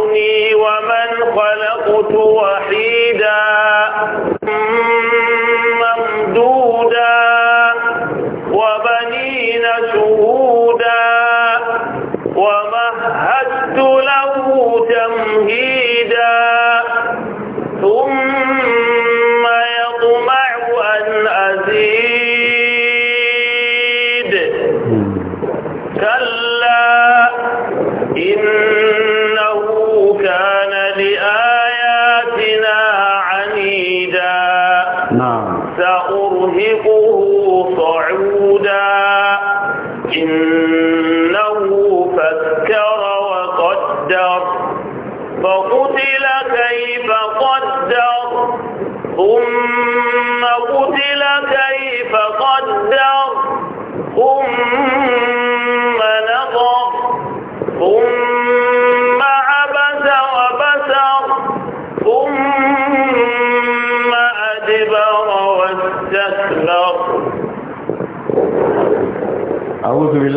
خلقتني ومن خلقت وحيدا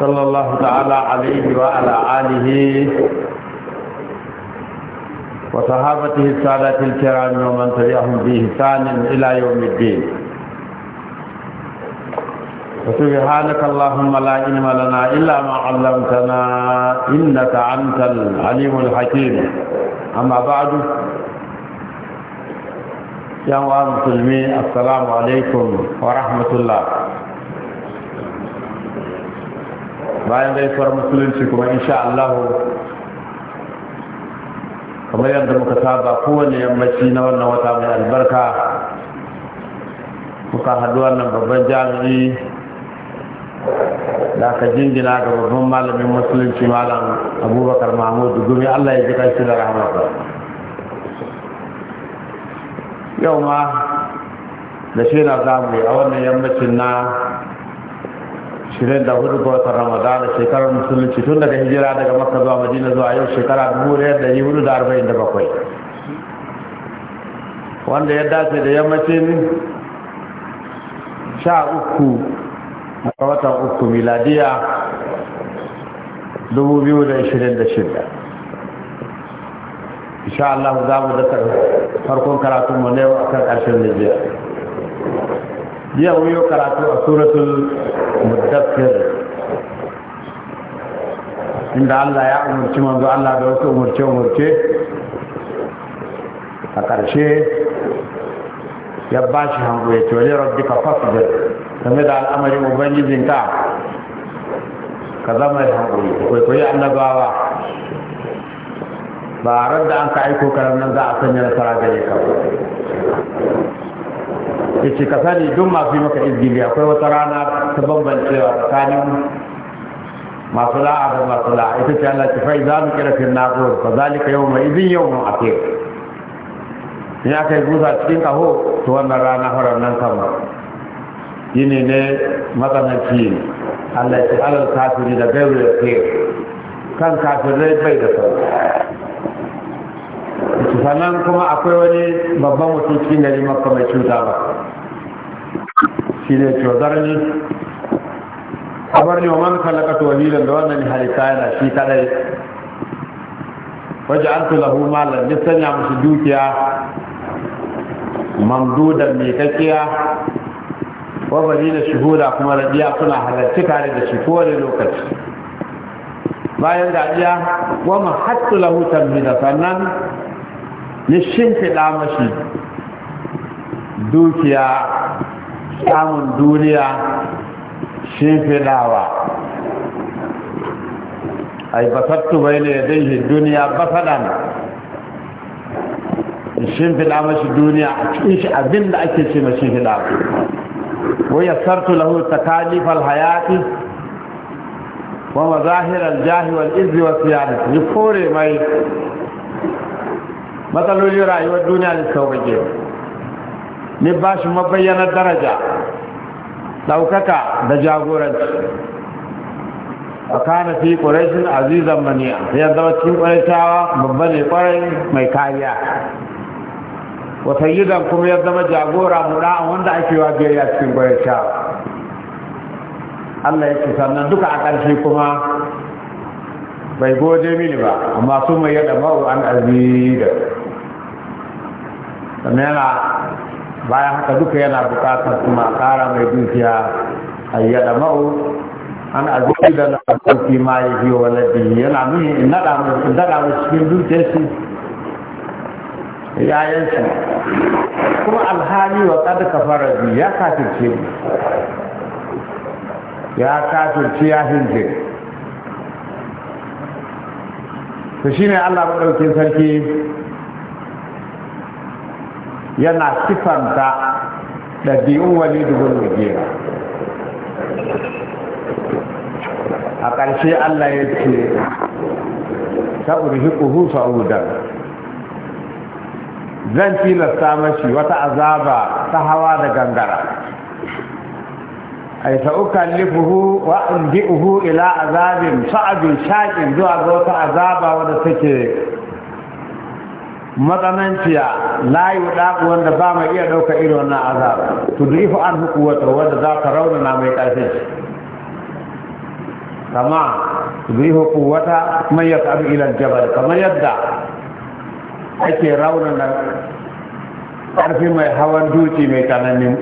صلى الله تعالى عليه وعلى آله وصحابته السادات الكرام ومن تبعهم بإحسان إلى يوم الدين وسبحانك اللهم لا علم لنا إلا ما علمتنا إنك أنت العليم الحكيم أما بعد يا مسلمين السلام عليكم ورحمة الله bayan gaisuwar musulunci kuma in sha Allah kamar yadda muka saba kowane yammaci na wannan wata mai albarka muka haɗu wannan babban jami'i da aka jingina ga babban malamin musulunci malam abubakar mahmud gumi allah ya ji kanshi da rahamarsa yau ma da shi na zamu a wannan yammacin na shirin da hudu ga watan ramadana shekarar musulunci tun daga hijira daga makka zuwa madina zuwa yau shekara dubu da da yi hudu arba'in da bakwai wanda ya dace da yammacin sha uku a watan uku miladiya dubu biyu da da shida. insha Allah za mu da farkon mu ne a kan ƙarshen da jiya jiya karatu a suratul muddaffir inda Allah ya umarci manzo Allah da wasu umarce-umarce a ƙarshe ya ba shi hango ya tole rabbi ka fasbir game da al'amarin ubangijinka ka zama ya hango kwaikwayi annabawa ba a da an ka aiko karar nan za a sanya nasara gare ka yace ka sani duk masu yi maka izgili akwai wata rana ta bambancewa tsakanin masu la'a da masu la'a ita ce Allah ce fai za mu kira za lika fa zalika yawma yau yawmun atir ya aka yi busa cikin kaho to wannan rana horon nan kama yini ne matsananci Allah ce alal kafiri da gairu da kan kafirai bai da sauki sanan kuma akwai wani babban mutum cikin gari makka mai cuta ba shi ne ne kamar ne wa man kallaka tawhidan da wannan halitta yana shi kadai waje an lahu malan ne sanya musu dukiya mamdudan mai kakkiya wabari da shuhuda kuma biya suna halarci tare da shi kowane lokaci bayan dadiya wa lahutan lahu tamhida sannan ya shimfiɗa mashi dukiya samun duniya shimfiɗawa ai basattu bai ne dai duniya basadan shimfiɗa mashi duniya a cikin shi abin da ake ce mashi hida wai ya sartu lahu takalifal hayati wa mazahirar jahi wal izzi wa siyadati ya kore mai matsalolin rayuwar duniya da suka sauƙaƙe ne ba shi mabayyanar daraja ɗaukaka da jagoranci a kana fi ƙwarashin azizan maniya ya zama cikin ƙwarashawa babba ne ƙwarai mai kariya wata yidan kuma ya zama jagora a wanda ake wa biyayya cikin ƙwarashawa Allah ya ce sannan duka a ƙarshe kuma bai gode mini ba amma sun mai yada ma'u an azida sannan yana bayan haka duka yana bukatar kuma kara mai dukiya a yada ma'u an azida na ɗauki ma ya biyo wani biyu yana nuni in naɗa mai mai cikin dukiyar shi yayan shi kuma alhali wa kada kafara ya kafirce ya kafirce ya hinjiri shi ne Allah maɗaukin sarki yana sifanta ɗabi'un wani dubin a ƙarshe Allah ya ce sa'urhiquhu sa'udar zan tilasta mashi wata azaba ta hawa da gangara ai fa ukallifuhu wa unbi'uhu ila azabin sa'abin shaqin zuwa ga wata azaba wanda take matsananciya la yudaku wanda ba mai iya dauka irin wannan azaba tudrifu an wata wanda za ta raunana mai karfin kama tudrifu wata mai yaqabu ila al-jabal kamar yadda ake raunana ƙarfi mai hawan duci mai tsananin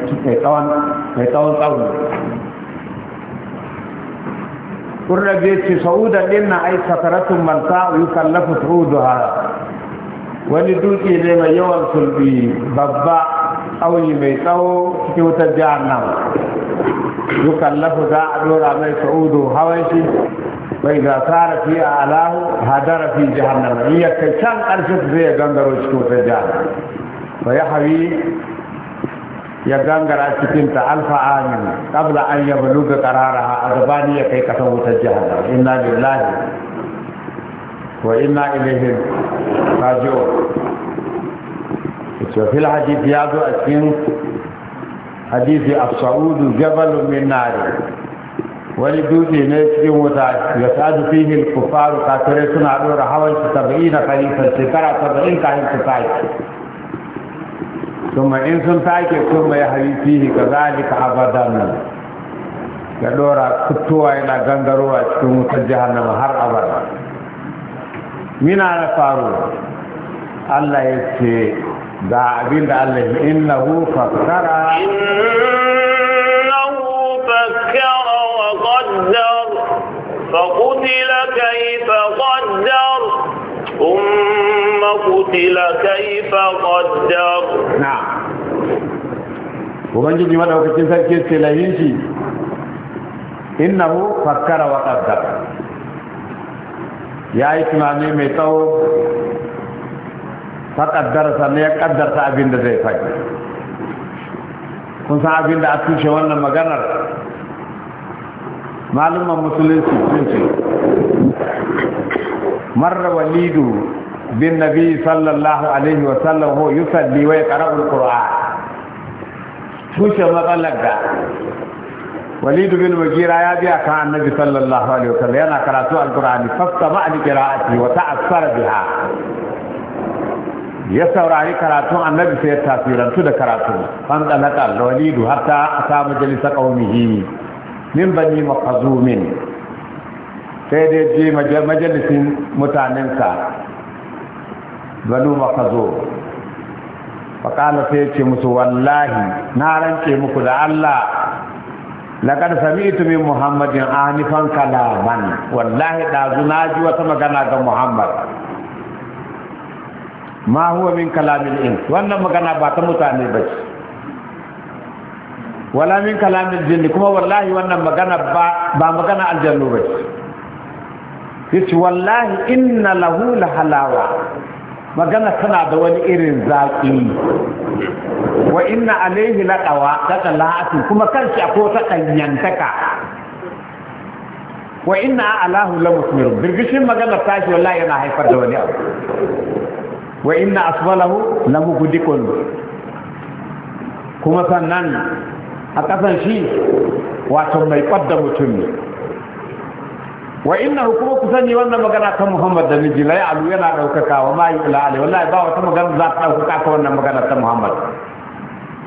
mai tsawon tsawon kurna je ce sa'udan ɗin na ai sakaratun manta yi kallafa sa'udu ha wani duki ne mai yawan sulbi babba tsauni mai tsawo cikin wutar jihar nan yi kallafa za a dora mai sa'udu hawan shi bai ga tsara fi a alahu hadara fi jihar nan yi ya kai can ƙarfi zai gangaro cikin wutar jihar fa ya hawi ya gangara cikin ta alfa amin kabla an ya baluga qararaha a gabani ya kai kasan wutar jahannam inna lillahi wa inna ilaihi raji'un to fil hadith ya zo a cikin hadithi as-sa'udu jabalun min nar wani dutse ne cikin wuta ya sadu fihi al-kuffar kafirai suna dora hawan 70 kalifan shekara 70 kafin su tashi ثم إن سنتاك ثم يحري فيه كذلك أبدا كدورا كتوا إلى غندروا تكون تجهنا مهار أبدا من على فارو الله يسي دا أبين الله إنه فكر إنه فكر وقدر فقتل كيف قدر ثم قتل كيف قدر نعم ubangiji madaukakin sarki ce lahin shi innahu fakkara wa qaddar ya yi tunani mai tsawo ta sa ne ya ta abin da zai faɗi kun san abin da a tushe wannan maganar malumman musulunci sun ce marar walidu بالنبي صلى الله عليه وسلم هو يصلي ويقرأ القرآن فوش مثلا لك وليد بن مجير يا بي كان النبي صلى الله عليه وسلم انا قرات القران فاستمع لقراءتي وتاثر بها يسور علي قرات النبي سي تاثيرا تو ده قرات فان الوليد حتى اتى مجلس قومه من بني مخزوم سيدي مجلس متعلمك ganuma ka zo faƙala sai ce musu wallahi na rance muku da Allah laƙar sami'tu min muhammadin anifan kalaman wallahi ɗazu na ji wata magana ga muhammad ma huwa min kalamin in wannan magana ba ta mutane ba ce wala min kalamin jinni kuma wallahi wannan magana ba ba magana aljannu ba ce yace wallahi inna lahu la halawa magana tana da wani irin zaƙi wa inna alaihi laƙawa ta ɗala'atu kuma kanshi akwai wata ɗanyantaka wa inna alahu la musmiru birgishin magana tashi wallahi yana haifar da wani abu wa inna asbalahu la mugdikun kuma sannan a ƙasan shi wato mai ƙwadda mutum ne wa inna kuma ku sani wannan magana ta Muhammad da miji la ya'lu yana daukaka wa ma yu'la alai wallahi ba wata magana za ta daukaka ta wannan magana ta Muhammad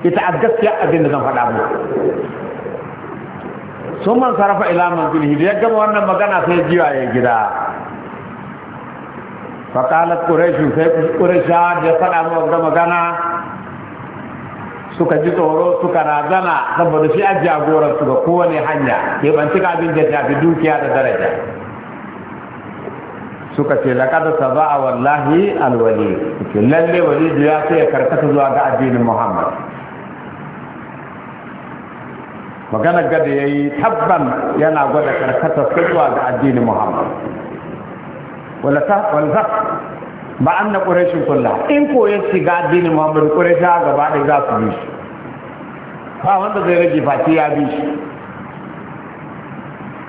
ita a gaskiya abin da zan faɗa muku sun man sarrafa ila manzilihi da ya gama wannan magana sai jiwa ya gida faqalat quraishu sai quraisha da faɗa mu magana suka ji tsoro suka razana saboda shi a jagoran su ga kowane hanya ke ban cika abin da shafi dukiya da daraja suka ce saba a wallahi alwali lalle wani ya ce ya karkata zuwa ga addinin muhammad maganar gada ya yi tabban yana gwada su zuwa ga addinin muhammad wala ba an na ƙureshin kulla in ko shiga addinin muhammadu ƙureshi a gaba da za su bi shi ba wanda zai rage fati ya bi shi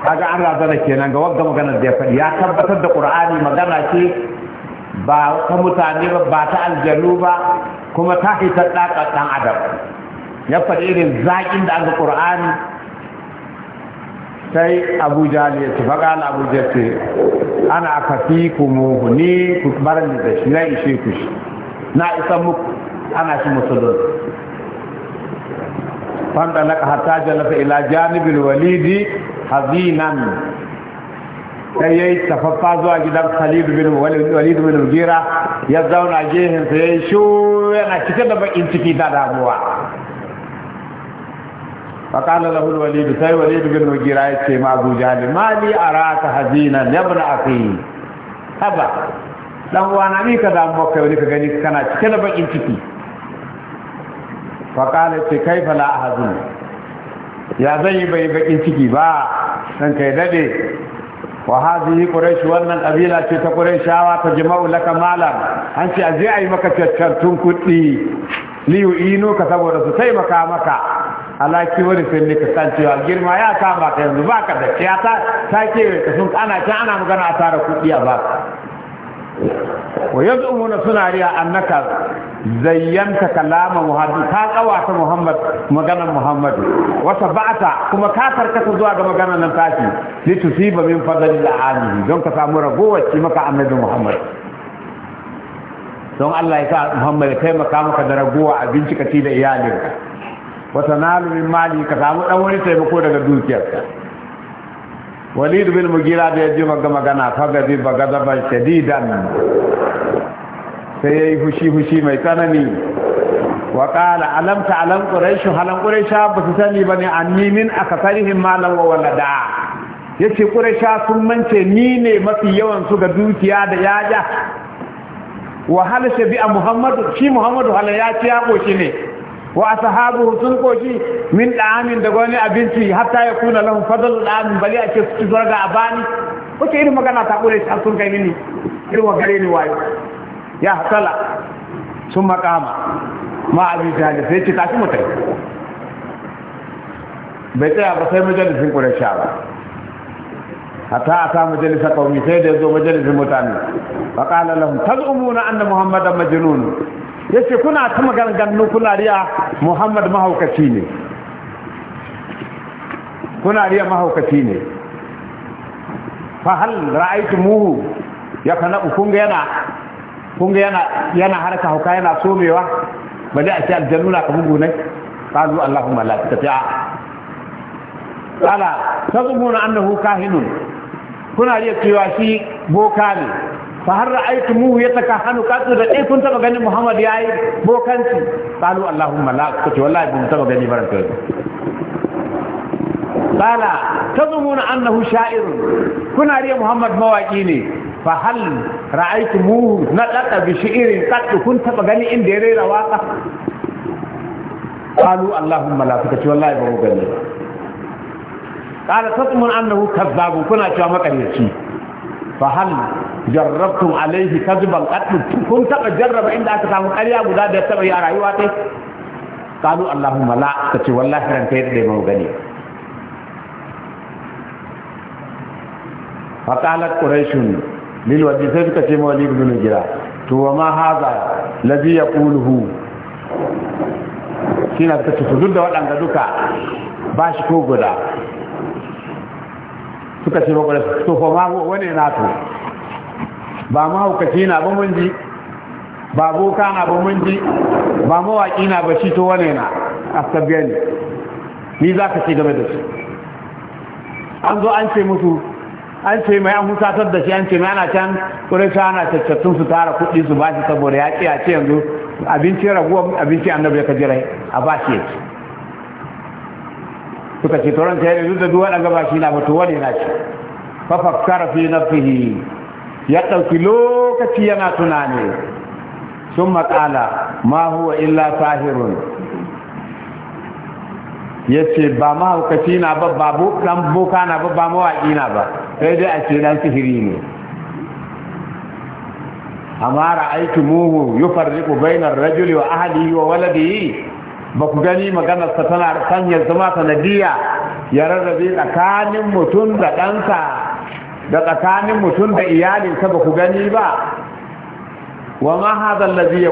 kaga an razana kenan ga wadda maganar da ya faɗi ya tabbatar da ƙur'ani magana ce ba ta mutane ba ba ta aljanu ba kuma ta hitar ɗaƙar ɗan adam ya faɗi irin zaƙin da an ga ƙur'ani sai Abuja ne su, faga na abu ce ana aka fi kuma ni ku bar da shi na ishe ku shi na isa muku ana shi musulun fanda laka hatta jalasa ila janibin walidi hazinan sai ya yi tafaffa zuwa gidan Khalidu bin Walidu bin gira ya zauna gehen sa ya yi shu yana cike da bakin ciki da damuwa فقال له الوليد سي وليد بن مجيرة يتشي مع أبو جهل ما لي أراك هزينا يا ابن أخي هبا dan wana ka da maka wani ka gani kana cike da bakin ciki fa qala ce kaifa la ahzun ya zan yi bai bakin ciki ba dan kai dade wa hadhihi wannan kabila ce ta quraishawa ta jama'u laka malam an ce a yi maka tattantun kuɗi li yu'inu ka saboda su taimaka maka ala kiwari sai ne ka cewa girma ya ba ta yanzu ba ka da ya ta ta ka sun ana can ana magana a tara kuɗi a ba wa yaz'umuna suna riya annaka zayyanta kalama muhammad ka kawata muhammad maganan muhammad wata ba'ata kuma ka karkata zuwa ga maganar nan tashi li tusiba min fadli al'ami don ka samu ragowar ci maka annabi muhammad don Allah ya sa muhammad ya taimaka maka da ragowa abinci ka ci da iyalinka wata nalumin mali ka samu ɗan wani taimako daga dukiyarka walid bin mugira da ya ji maga magana fagadi ba gazaban shadidan sai ya yi fushi-fushi mai tsanani wa ƙala alamta alam ƙuraishu halan ƙuraisha ba su sani ba ne an nimin a kasarihin malam wa walada ya ce ƙuraisha sun mance ni ne mafi yawan su ga dukiya da yaja wa halashe bi a muhammadu shi muhammadu halayya ya ce ya ƙoshi ne wa ashabu sun koshi min da'amin daga wani abinci hatta ya kuna lahu, fadl da'amin bali ake ce su zarga a bani wace irin magana ta kore shi sun kai mini irin wa gare ni wayo ya hasala sun makama ma abi jahil sai ce tashi mutai bai tsaya ba sai majalisin quraysha ba hatta ata majalisa qaumi sai da yazo majalisin mutane fa qala lahum tazumuna anna muhammadan majnun yace kuna ta maganganu kuna riya Muhammad mahaukaci ne kuna riya mahaukaci ne fa hal muhu ya kana kunga yana kunga yana yana harka hauka yana somewa ba zai a ce aljannuna ka bugu ne qalu allahumma la tata'a qala tazumuna annahu kahinun kuna riya cewa shi boka ne fa har ra'aytu mu yatakahanu kasu da dai kun taba gani Muhammad yayi bokanci qalu Allahumma la kace wallahi bin taba gani baraka kai qala tazumuna annahu sha'ir kuna riya Muhammad mawaki ne fa hal ra'aytu mu nadaka bi shi'irin qad kun taba gani inda ya rera waka qalu Allahumma la kace wallahi ba mu gani qala tazumuna annahu kazzabu kuna cewa makaryaci fahal jarrabtum alaihi kadiban qattu kun taba jarraba inda aka samu ƙarya guda da taba yi a rayuwa ta qalu allahumma la kace wallahi ran kai da mu gani fa Quraishun, lil wajhi sai suka ce mawali ibn jira to wa ma hadha ladhi yaquluhu kina ta da waɗanda duka bashi ko guda suka ce ba to fa ma wani na to ba hukaci na ba mun ji ba boka na ba mun ji ba mawaƙi na ba shi to wani na Asabiyan ni za ka ci game da su an zo an ce musu an ce mai an husatar da shi an ce mai ana can ƙurashi ana caccattun su tara kuɗi su ba shi saboda ya ce a ce yanzu abinci raguwa abinci annabi ya kajira a ba shi yake suka ce turan ta yadda duk da duwa daga baki na mutu wani na ce fafafkar fi ya ɗauki lokaci yana tunani sun makala ma huwa illa sahirun ya ce ba mahaukaci na ba ba dan boka na ba ba mawaƙi na ba sai dai a ce dan sihiri ne amma ra'aitu muhu yufarriqu bainar rajuli wa ahlihi wa waladihi ba ku gani maganarsa tana sanya zama sanadiyya ya rarrabe tsakanin mutum da ɗansa da tsakanin mutum da iyalinsa ba ku gani ba wa ma hadha allazi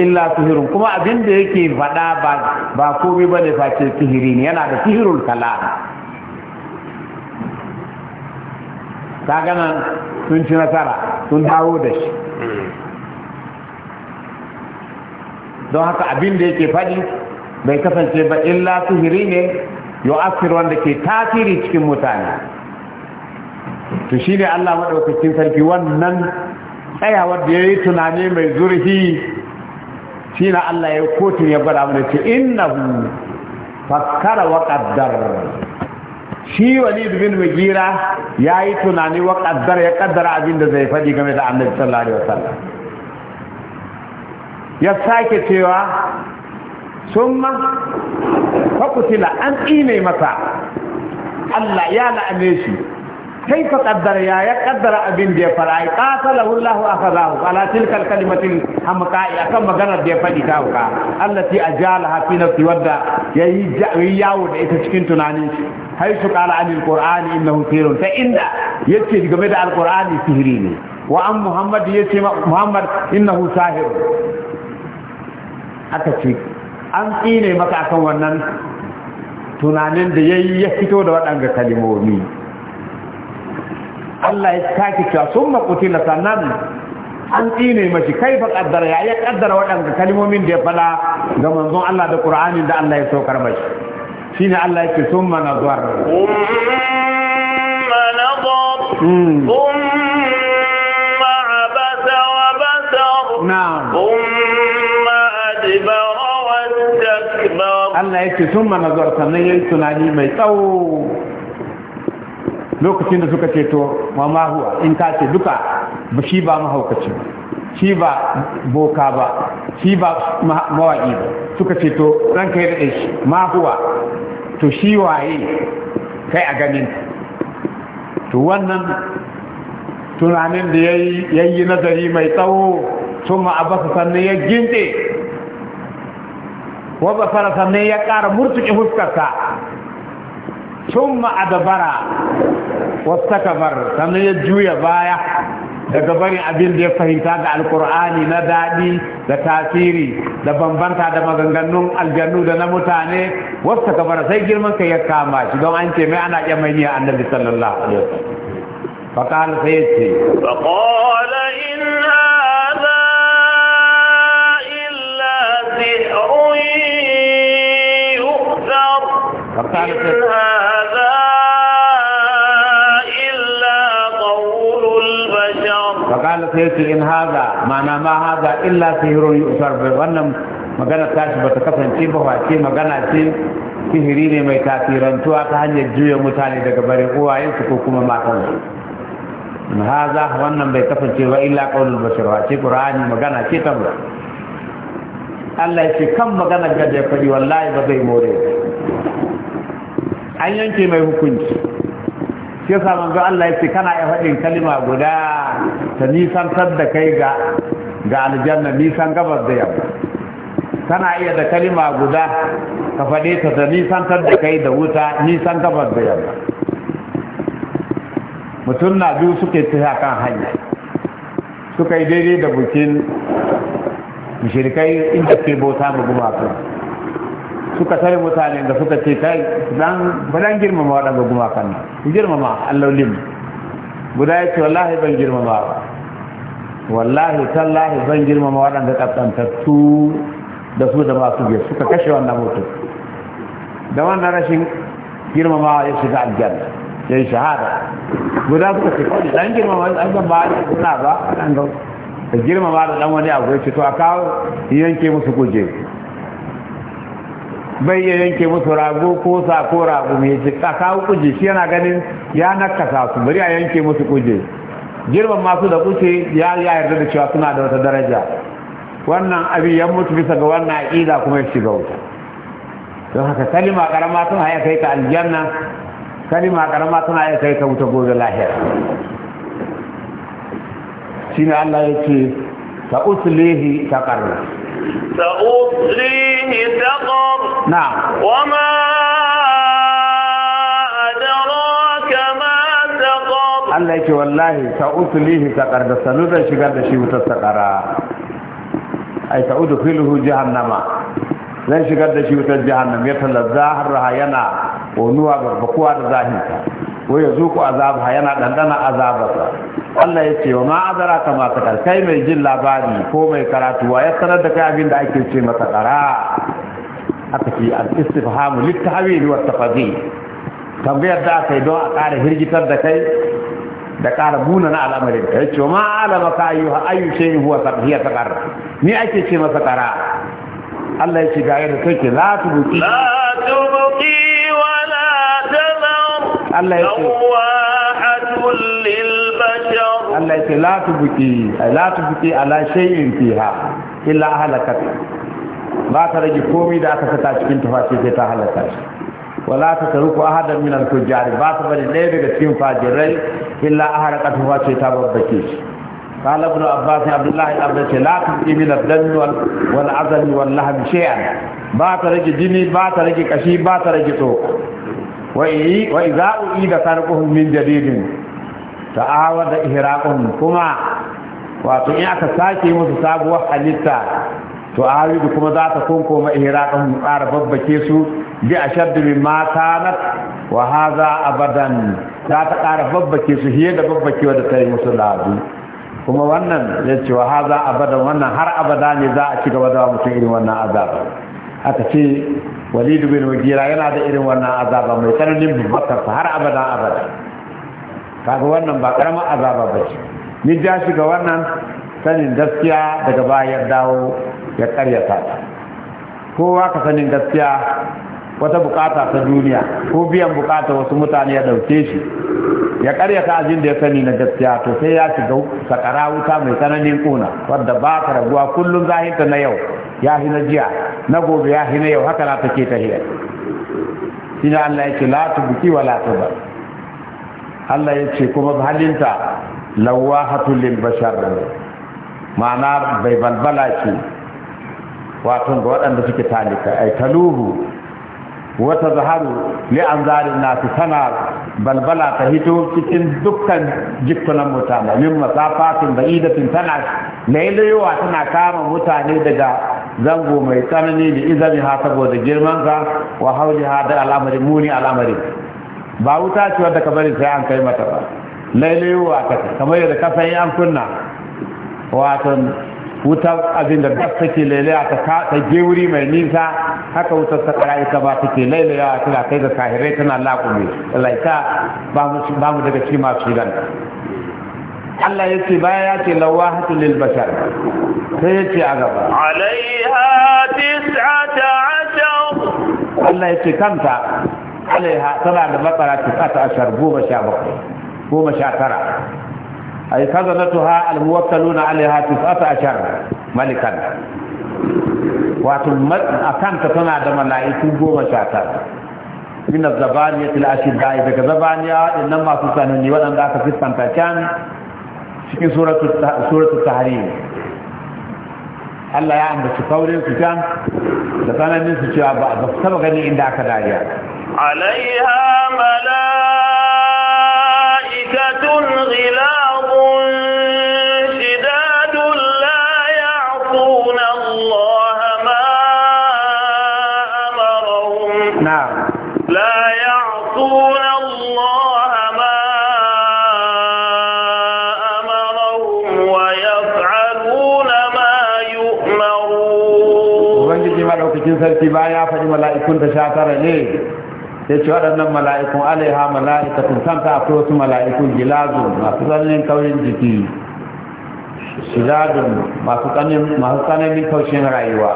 illa sihrun kuma abin da yake faɗa ba ba komai bane face sihiri ne yana da sihrul kalam kaga nan sun ci nasara sun dawo da shi hmm. don haka abin da yake faɗi bai kasance ba illa sihiri ne asir wanda ke tasiri cikin mutane to shi ne Allah maɗaukakin sarki wannan tsayawar da ya yi tunani mai zurfi na Allah ya kotun ya gwada mana ce hu fakara wa ƙaddar shi dubin bin ya yayi tunani wa ƙaddar ya ƙaddara abin da zai faɗi game da annabi sallallahu alaihi ya sake cewa summa fakutila an tsine masa Allah ya la'ane shi kai ka kaddara ya kaddara abin da ya fara ai qatalahu Allah akhadahu ala tilka alkalimatin hamqa'i akan maganar da ya fadi ta wuka allati ajalaha fi nafsi wadda yayi yawo da ita cikin tunanin shi haisu qala anil qur'ani innahu sirrun ta inda yace game da alqur'ani sihiri ne wa an muhammad yace muhammad innahu sahir aka ce an tsine maka akan wannan tunanin da ya yi ya fito da waɗanga kalimomi Allah ya kaki cewa sun makuti na sannan an tsine mashi kai fa kaddara ya ya kaddara waɗanda kalimomin da ya faɗa ga manzon Allah da Qur'ani da Allah ya saukar mashi Shi ne Allah yake summa nazar summa nazar hmm. summa abasa wa basar na'am Allah sun manazar sannan ya yi tunani mai tsawo lokacin da suka ceto mama huwa in ka ce duka ba shi ba mahaukaci ba shi ba boka ba shi ba mawaƙi ba suka ceto ran kai da shi ma huwa to shi waye kai a ganin to wannan tunanin da ya yi nazari mai tsawo sun ma'abasa sannan ya ginte wadda fara sannan ya ƙara murtuki huskarsa sun ma'adabara wasta kamar sannan ya juya baya daga barin abin da ya fahimta da alkur'ani na daɗi da tasiri da bambanta da maganganun aljannu da na mutane wasu kamar sai girman kai ya kama shi don an ce mai ana iya mai annabi sallallahu alaihi wasallam faqala sai ce هذا إلا قول البشر فقال سيدي إن هذا معنى ما هذا إلا سهر يؤثر به وأنم magana tashi bata kasance ba wace magana ce sihiri ne mai tasirantuwa ta hanyar juya mutane daga barin uwayensu ko kuma matansu haza wannan bai kasance ba illa qaulul bashar wace qur'ani magana ce ta mu Allah ya ce kan maganar ga da wallahi ba zai more an yanke mai hukunci shi yasa manzo Allah yace kana ya faɗin kalima guda ta nisantar da kai ga ga aljanna nisan gabas da yamma kana iya da kalima guda ka faɗe ta ta nisantar da kai da wuta nisan gabas da yamma mutum na biyu suke tafiya kan hanya suka yi daidai da bukin mushirikai inda ke bauta mu gumakan suka tare mutane da suka ce kai dan badan girmama waɗanda gumakan nan ku girmama lim guda ya ce wallahi ban girmama ba wallahi tallahi ban girmama waɗanda ƙasƙantattu da su da masu biyar suka kashe wannan mutu. da wannan rashin girmama ya shiga aljanna ya yi shahada guda suka ce kawai dan girmama an ga ba a suna ba a ga girmama da dan wani abu ya ce to a kawo yanke musu kujeru bai ya yanke musu rago ko sa ko rago mai shi a kawo kuje shi yana ganin ya nakasa su bari a yanke musu kuje girman masu da kuce ya yarda da cewa suna da wata daraja wannan abin ya mutu bisa ga wannan aƙida kuma ya shiga wuta don haka kalima karama tun haya kai ka aljanna kalima karama tun haya kai ka wuta gobe lahira shine Allah ya ce ta uslihi ta karna سأصليه سقر نعم وما أدراك ما سقر عليك والله سأصليه سقر ده سنوزا شغال ده شيء متسقرا أي سأدخله جهنم zan shigar da shi wutar jahannam ya talazza harraha yana onuwa barbakuwa da zahinta ko ya zuku ha yana dandana azabarsa Allah ya ce wa ma azara ka ma kai mai jin labari ko mai karatu wa ya sanar da kai abin da ake ce masa kara haka ce al-istifhamu littahwil wa tafazi, tambayar da aka don a ƙara hirgitar da kai da ƙara buna na al'amarin ce wa ma alama ka ayu ayu shay huwa tabhiya taqar ni ake ce masa kara Allah ya ce ga yadda take la tubuki la tubuki wa la tamar Allah ya ce lawahatul lil bashar Allah ya ce la tubuki la tubuki ala shay'in fiha illa halakat ba ta rage komai da aka saka cikin tufafi sai ta halaka shi wala ta taruku ahadan min al-fujjar ba ta bari ɗaya daga cikin fajirai illa aharqatu fa sai ta babbake shi قال ابن عباس عبد الله بن عباس لا تبقي من الدم والعزل واللحم شيئا بات رجي جني بات رجي كشي بات رجي تو وإذا أعيد تركهم من جديد تعاود إهراقهم كما wato in aka sake musu sabuwar halitta to awidu kuma za ta kunkoma ihraqahum ƙara babbake su bi ashaddu mimma kanat wa hadha za ta ƙara babbake su hiye da babbakewa da ta yi musu labu kuma wannan ya ce wa haza abadan wannan har abada ne za a ci gaba da mutum irin wannan azaba aka ce walidu bin wajira yana da irin wannan azaba mai tsananin bubakar har abada abada kaga wannan ba karama azaba ba ce ni ja shi ga wannan sanin gaskiya daga baya dawo ya karyata ta kowa ka sanin gaskiya wata bukata ta duniya ko biyan bukata wasu mutane ya dauke shi ya karyata ajin da ya sani na gaskiya to sai ya shiga sakara wuta mai tsananin kuna wadda ba ta raguwa kullum zahinta na yau ya hi na jiya na gobe ya hi na yau haka na take ta hiyar shi ne allah ya ce la buki wa la ba allah ya ce kuma halinta lawa lil bashar ma'ana bai balbala ce wato ga waɗanda suke talika ai taluhu wata zaharu li'an na su tana balbala ta hito cikin dukkan jikunan mutane min da ba'idatin tana lailayowa tana kama mutane daga zango mai tsanani da izami ha saboda girmanka, wa hauli ha da al'amari muni al'amari ba wuta ce wadda ka bari sai an kai mata ba lailayowa ta kamar yadda ka san an kunna wato wuta abin da gas take lailaya ta ta je wuri mai nisa haka wutar ta kara ita ba take lailaya tana kai ga kahirai tana laƙume laita ba mu daga cikin masu shigan Allah ya ce baya ya ce lawahatu lil bashar sai ya ce a gaba alaiha tis'ata ashar Allah ya ce kanta alaiha tana da matsara tis'ata ashar goma sha bakwai goma sha tara أي خزنتها الموكلون عليها تسعة عشر ملكا وتمت أكانت تنادى ملائكة قوم شاتر من الزبانية الأشداء إذا كزبانية إنما سسنني وأن ذاك في السنتكان في سورة سورة التحريم الله يعلم ambaci kaurin su can da tsananin su cewa ba a saba gani inda mala'ikun da sha tara ne ya ce waɗannan mala'ikun alaiha mala'ikatun a akwai wasu mala'ikun gilazu masu tsananin kaurin jiki shidadun masu tsananin kaushin rayuwa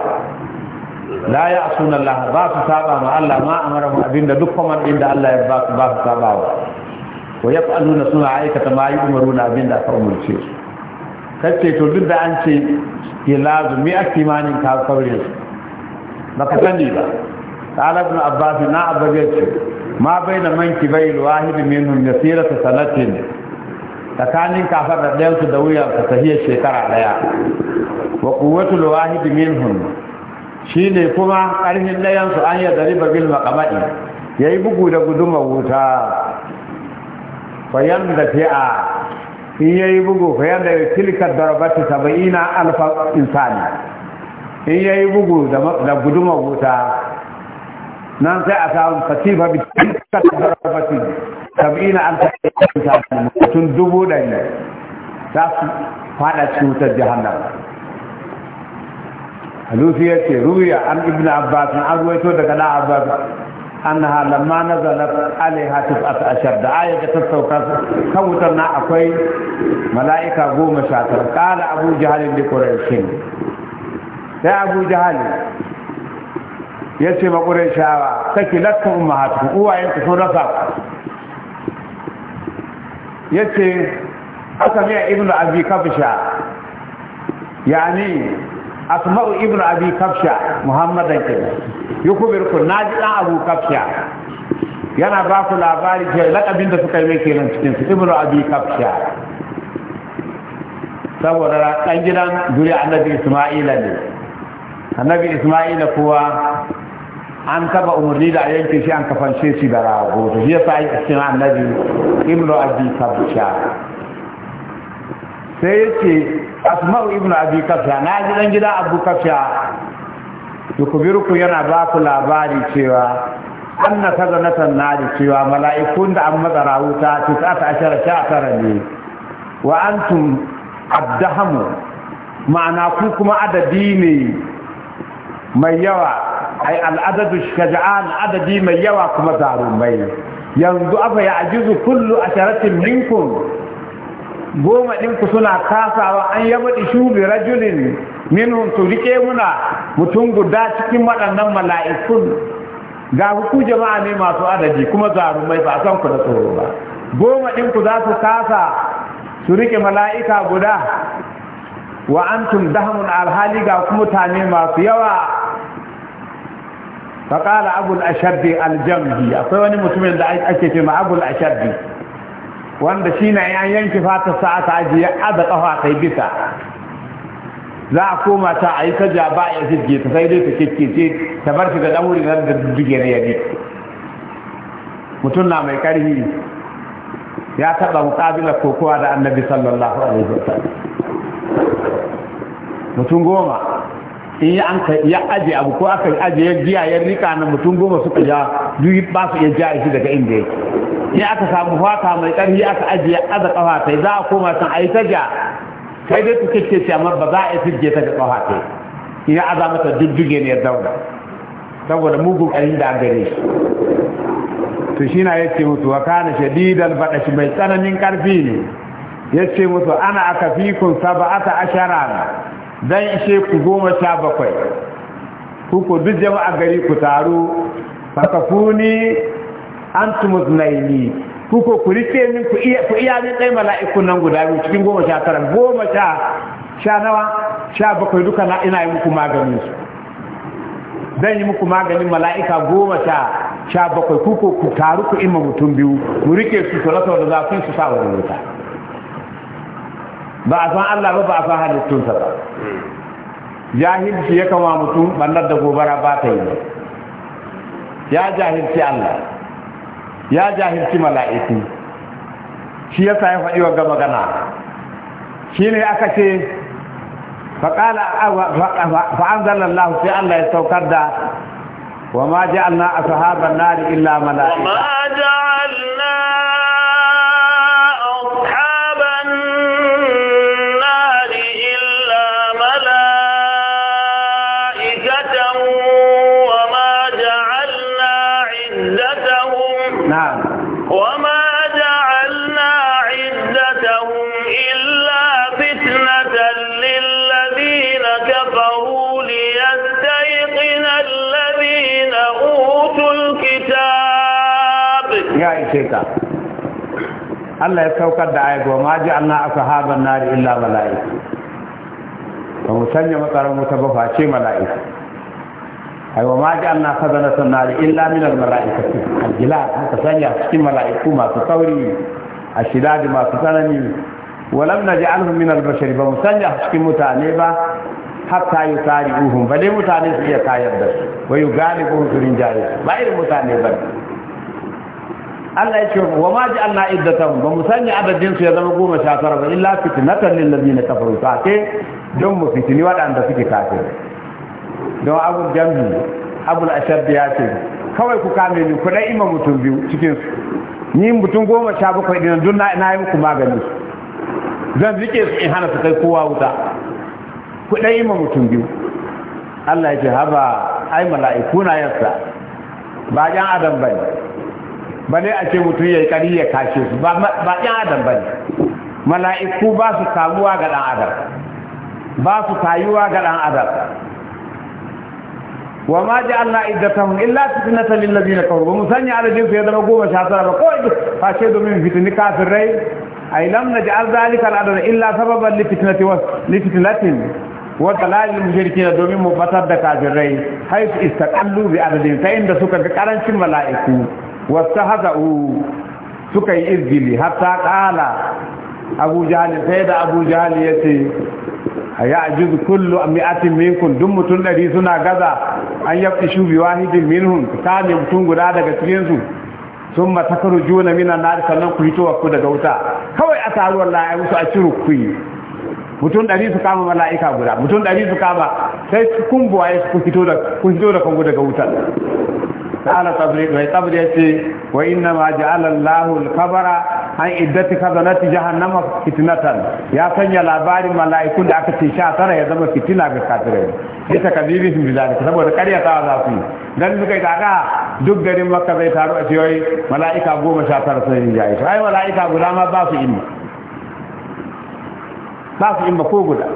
la ya asuna Allah ba su saba ma Allah ma a mara amara abinda duk kwaman ɗin da Allah ya ba su ba su saba wa wa ya fa'aluna suna aikata ma yi umaruna abinda aka umarce su kace to duk da an ce gilazu me a kimanin ka kaurin su baka sani ba قال ابن عباس نا أبجد ما بين منكبي الواحد منهم يسيرة سنة tsakanin kafar da ɗayansu da wuyarsa ta hiyar shekara ɗaya wa kuwatul wahidi minhum shi ne kuma ƙarfin ɗayansu an yi zariba bil maƙamaɗi ya yi bugu da guduma wuta fayan da fi'a in ya yi bugu fayan da tilka darbati saba'ina alfa insani in ya yi bugu da guduma wuta nan sai a samu katifa bi tilka tarafati sab'ina an ta'ita mutum dubu dari za su fada cikin wutar jahannama halusi ya ce ruwiya an ibn abbas an ruwaito daga na abbas annaha na nazalat alaiha tis'at ashar da aya ta sauka kan wutar na akwai mala'ika goma sha tara qala abu jahal li quraish sai abu jahal ya ce shawa ƙurayshawa saki latta ummahatukum uwayen ku sun rasa ya ce aka miya ibnu abi kafsha yani asma'u ibnu abi kafsha muhammadan kenan na ji dan abu kafsha yana ba ku labari ke lakabin da suka yi mai kenan cikin su ibnu abi kafsha saboda ɗan gidan duri annabi isma'ila ne annabi isma'ila kuwa an taba umarni da a yanke shi an kafance shi da rago to shi yasa cikin annabi ibnu abi kabsha sai yace asma'u ibnu abi kabsha na ji dan gida abu kabsha yukubiruku yana ba ku labari cewa anna kazanatan nadi cewa mala'ikun da an matsa rahuta ta ashara sha'ara ne wa antum addahamu ma'ana ku kuma adadi ne mai yawa ai al'adadu shaja'an adadi mai yawa kuma zarumai yanzu afa ya ajizu kullu asharatin minkum goma ɗinku suna kasawa an yaba ishu bi rajulin minhum to rike muna mutum guda cikin waɗannan mala'ikun ga ku jama'a ne masu adadi kuma zarumai ba san ku da tsoro ba goma ɗinku za su kasa su rike mala'ika guda wa antum dahamun alhali ga mutane masu yawa faƙala abul ashabbi aljamhi akwai wani mutumin da ake ce ma abul ashabbi wanda shi ne an yanke fata sa aka ajiye ada kafa kai bisa za a koma ta a yi ta jaba ya jirge ta sai dai ta kekkece ta bar shi ga ɗauri na da duge na yadi mutum na mai ƙarfi ya taɓa muƙabilar kokowa da annabi sallallahu alaihi wasallam mutum goma in ya an ya aje abu ko aka aje ya giya ya rika na mutum goma suka ja duk ba su iya jiya shi daga inda yake in aka samu fata mai karfi aka aje ya aza kafa ta za a koma san ai ta ja kai dai kuke ce ce amma ba za a yi firge ta ga kafa ta in aza mata dudduge ne ya daura saboda mugu karin da gare shi to shi na yace mutu wa kana shadidan badashi mai tsananin karfi ne yace mutu ana aka fi kun sab'ata ashara zan ishe ku goma sha bakwai ku ku duk jama'a gari ku taru fakafuni antum zunaini ku ko ku rike min ku iya ku iya ne dai mala'iku nan guda biyu cikin goma sha tara goma sha sha nawa sha bakwai duka na ina yi muku maganin su zan yi muku maganin mala'ika goma sha sha bakwai ku ku taru ku imma mutum biyu ku rike su to rasa da za su sa wa wuta ba a san Allah ba ba a san halittunsa ba jahilci ya kama mutum bannar da gobara ba ta yi ya jahilci Allah ya jahilci mala'iki shi ya sa ya faɗi wa gama gana shi ne aka ce faƙala fa'anzan Allah sai Allah ya saukar da wa ma ja'alna ashaban nari illa mala'ika wa taimake ka Allah ya saukar da ayat wa ma aka ashaban nar illa mala'ika ba mu sanya matsaran wuta ba face mala'ika ai wa ma ja'alna khazanatan nar illa minar al mala'ikati al-jilal haka sanya cikin mala'iku masu sauri a shidadi masu tsanani walam naj'alhum min al-bashari ba mu sanya cikin mutane ba hatta yi tari uhun ba dai mutane su iya kayar da su wai gane ko su rinjaye ba irin mutane ba ne Allah ya ce wa ma ji Allah iddatan ba mu sanya adadin su ya zama goma sha tara ba illa fitnatan lil ladina kafaru ta ke don mu fitini waɗanda suke kafiri don abu jambi abu ashab ya ce kawai ku kame ni ku dai ima mutum biyu cikin su ni mutum goma sha bakwai dinan dun na yi muku magani zan rike su in hana su kai kowa wuta ku dai ima mutum biyu Allah ya ce haba ai mala'iku na yassa ba jan adam bane ba ne a ce mutum ya yi kari ya kashe su ba ɗan adam ba ne mala'iku ba su kamuwa ga ɗan adam ba su kayuwa ga ɗan adam wa ma ji Allah iddatahum illa fitnatan lil ladina kafaru ba mu sanya adadin su ya zama goma sha tara ba kawai fashe domin fitini kafirai ay lam naj'al zalika al-adad illa sababan li fitnati wa li fitnatin wa dalal al-mushrikeena domin mu batar da kafirai haythu istaqallu bi adadin ta inda suka ga karancin mala'iku wasu haza'u suka yi izgili hatta kala abu jahali sai da abu jahali ya ce ya ajiz kullu mi'atin minkum duk mutum ɗari suna gaza an yafi shu bi wahidin minhum ne mutum guda daga cikin su sun ma takaru juna mina na sannan ku hito ku daga wuta kawai a taruwar la'a musu a ciru ku yi mutum ɗari su kama mala'ika guda mutum ɗari su kama sai kun buwaye ku hito da ku hito da daga wuta ta'ala tabri wa tabri fi wa inna ma ja'ala Allahu al kabara an iddati kadanati jahannam fitnatan ya sanya labarin mala'iku da aka ce sha tara ya zama fitina ga kafirai ita ta bibi sun bilani saboda kariya ta za su dan suka yi daga duk garin makka zai taru a ciyoyi mala'ika goma sha tara sun yi jayi ai mala'ika guda ma ba su yi ba su inma ko guda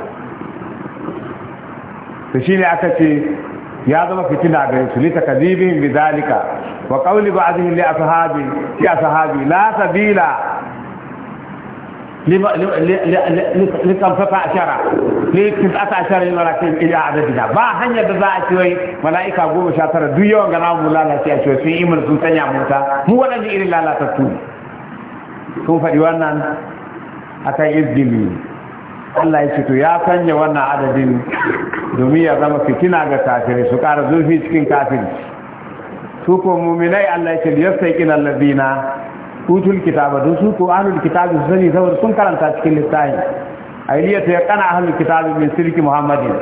to shine aka ce ya zama fitina gare su lita kadibihim bi zalika wa qawli ba'dihim li ashabi li ashabi la sabila likamfata ashara likamfata ashara yin malakin ila adadina ba hanyar da za a ci wai mala'ika goma sha tara duk yawan gana mu lalace a cewa sun imar sun sanya mota mu waɗanda irin lalatattu sun faɗi wannan akan izgili Allah ya ce to ya sanya wannan adadin domin ya zama fitina ga kafirai su ƙara zurfi cikin kafiri su ko muminai Allah ya ce ya sai kina lazina utul kitaba don su ko ahlul kitabi su sani saboda sun karanta cikin lissafi ailiya ta kana ahlul kitabi min sirki muhammadin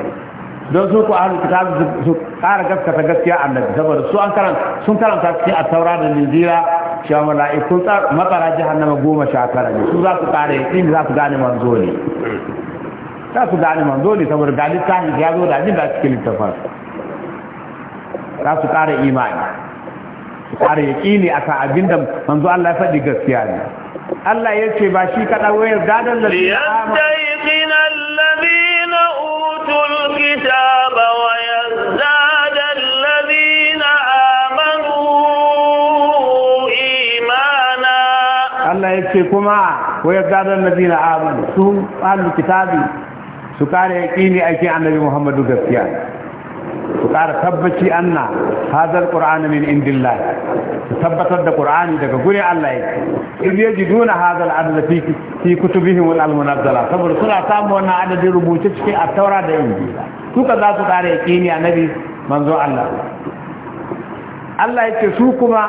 don su ko ahlul kitabi su ƙara gaskata gaskiya annabi saboda su an karanta sun karanta cikin at-taura da injila cewa mala'ikun matsara jahannama goma sha tara ne su za su ƙare yaƙin za su gane manzo ne za su gani man dole saboda ga littafin ya zo da abin da cikin littafin ta su ƙara imani su kare yaƙini a kan abin da manzo Allah ya faɗi gaskiya ne Allah ya ce ba shi kaɗa wayar gadon da Allah ya ce kuma wayar gadon da zina amanu su alu kitabi su kara yaqini aikin annabi muhammadu gaskiya su kara tabbaci anna hadal qur'ana min indillah su tabbatar da qur'ani daga guri Allah yake ji yajiduna hadal adad fi fi kutubihim al munazzala saboda suna samu wannan adadin rubuce cikin at-taura da injila suka za su kara yaqini annabi manzo Allah Allah yake su kuma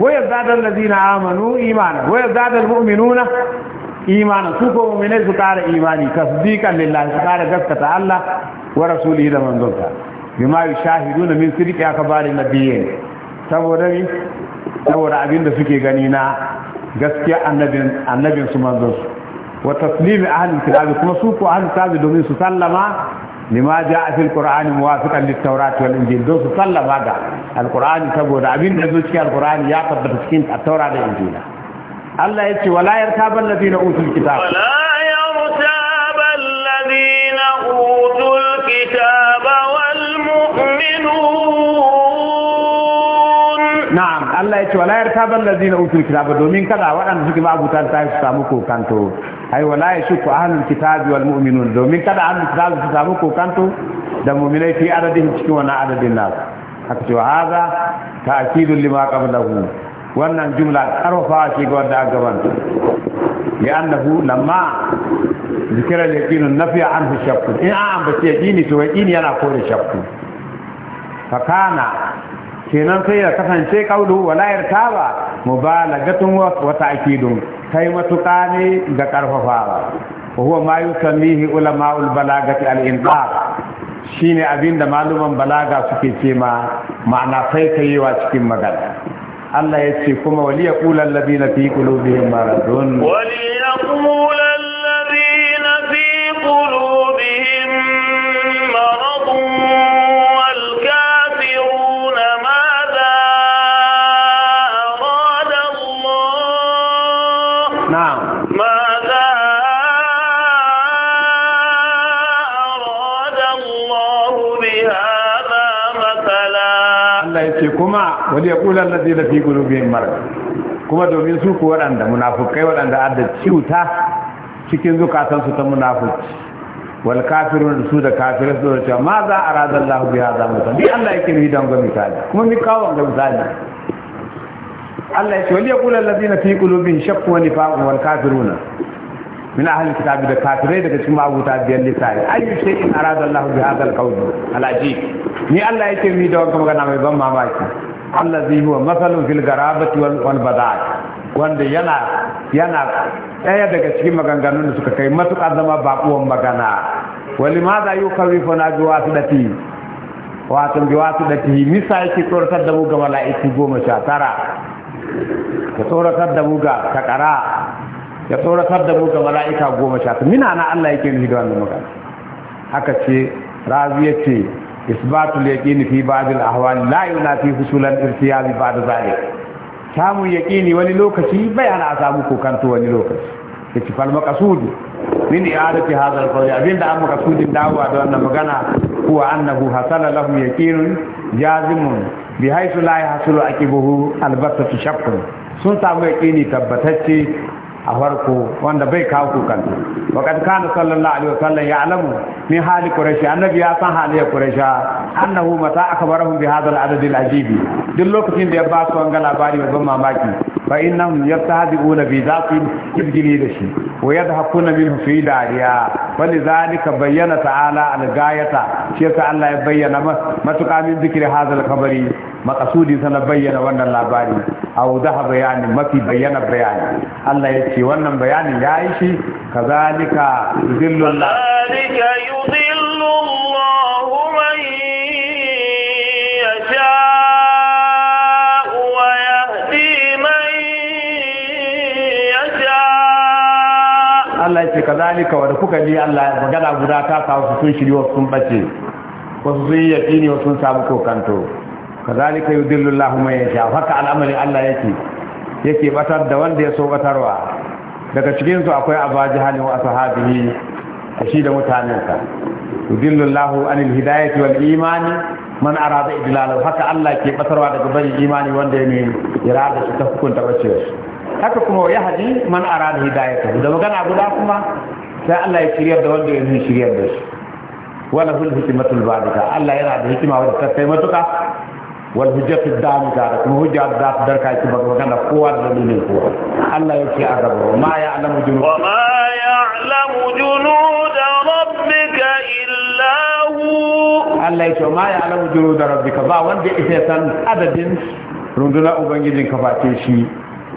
ويزداد الذين آمنوا إيمانا ويزداد المؤمنون imanin su ko mu'minai su kara imani tasdiqan lillahi su kara gaskata Allah wa rasulihi da manzonsa bima yushahiduna min sirri sidqi bari nabiyye saboda ni saboda abin da suke gani na gaskiya annabin annabin su manzonsu wa taslimi ahli kitabi kuma su ko ahli kitabi domin su sallama lima jaa fil qur'ani muwafiqan lit tawrat wal injil do su sallama ga qurani saboda abin da zuciya Al-Qur'ani ya tabbata cikin at-taura da injila Allah ya ce wala yartaban ladina utul kitab wala yartaban ladina utul kitab wal mu'minun na'am Allah ya ce wala yartaban ladina utul kitab domin kada waɗanda suke ba abuta ta su samu kokanto ai wala yashuku ahlul kitab wal mu'minun domin kada ahlul kitab su samu kokanto da mu'minai fi adadin cikin wannan adadin nasu haka ce wa hadha ta'kidun lima qablahu wannan jumla karfafa shi ga wanda aka gabanta ya annahu lamma zikira yaqinu nafi anhu shakku in an bace yaqini to yaqini yana kore shakku fa kana kenan sai ya kasance kaulu wala irtaba mubalagatun wa ta'kidun kai matuƙa ne ga karfafawa wa huwa ma yusammihi ulama'ul balagati al-infaq shine abinda maluman balaga suke ce ma'ana sai kaiwa cikin magana Allah ya ce kuma waliya qulal ladina fi qulubihim maradun waliya qulal Allah ya ce kuma wani ya kula lalle da fi gulubin mara kuma domin su ku waɗanda munafukai waɗanda adda ciuta cikin zukatansu ta munafuci wal kafirun su da kafirai su da cewa ma za a radar lahu bi hada mutum bi Allah yake nuhi don ga misali kuma mi kawo ga misali Allah ya ce wani ya kula lalle na fi gulubin shakku wani fa'un wal kafiruna من أهل الكتاب ده كافرين ده كتما أبو تابي اللي ساي أي شيء أراد الله بهذا القول العجيب ni Allah yake mi da wanka magana mai ban mamaki Allah allazi huwa masalun fil garabati wal bada'at wanda yana yana ɗaya daga cikin maganganun da suka kai matuƙa zama baƙuwan magana wali ma za yi kawifa na bi wasu dati wato bi wasu dati misa yake tsoratar da mu ga mala'iki goma sha tara ya tsoratar da mu ga takara ya tsoratar da mu ga mala'ika goma sha tara mina na Allah yake ni da wannan magana haka ce razi ya ce isbatul yaqini fi ba'd al ahwal la yunafi husul al irtiyab ba'd zalik samun yaqini wani lokaci bai hana a samu kokanto wani lokaci yace fal maqsud min i'adati hadha al qawl abinda an maqsudin dawowa da wannan magana huwa annahu hasala lahum yaqinun jazimun bi haythu la yahsulu aqibuhu al basatu sun samu yaqini tabbatacce a farko wanda bai kawo kukan wa kad kana sallallahu alaihi wasallam ya alamu min hali quraish annabi ya san haliyar quraish annahu mata akbarahum bi hadha al-adad al-ajib duk lokacin da ya ba su wanga labari mai ban mamaki fa innahum yastahzi'una bi zaqin ibdili da shi wa yadhakuna minhu fi dariya zalika bayyana ta'ala al-gayata shi yasa Allah ya bayyana matuƙa min zikri hadha al-khabari makasudi sana bayyana wannan labari A daha bayani mafi bayyana bayani Allah ya ce wannan bayanin ya yi shi ka yudillu Allah kazalika Allah Allah ya ce kazalika wa kuka ji Allah magana guda ta kawo su sun wasu sun bace wasu sun yi ne wasu sun samu kokanto kazalika yudillu Allahu a yasha haka al'amari Allah yake yake batar da wanda ya so batarwa daga cikin su akwai abaji wa sahabihi shi da ka yudillu Allahu anil hidayati wal imani man arada idlalahu haka Allah ke batarwa daga bari imani wanda ya nemi irada shi ta hukunta shi haka kuma ya haji man arada hidayata da magana guda kuma sai Allah ya shiryar da wanda ya nemi shiryar da shi wala hul hikmatul badika Allah yana da hikima wanda ta kai matuka wal hujjatu dam rek kuma hujja daat dar kai ci nga kana ko war la ni ko Allah yake agaba ma ya alamu junu wa ma ya alamu junu rabbika illa hu Allah yake ma ya alamu junu rabbika ba wanda bi san adadin runduna ubangijin ka ci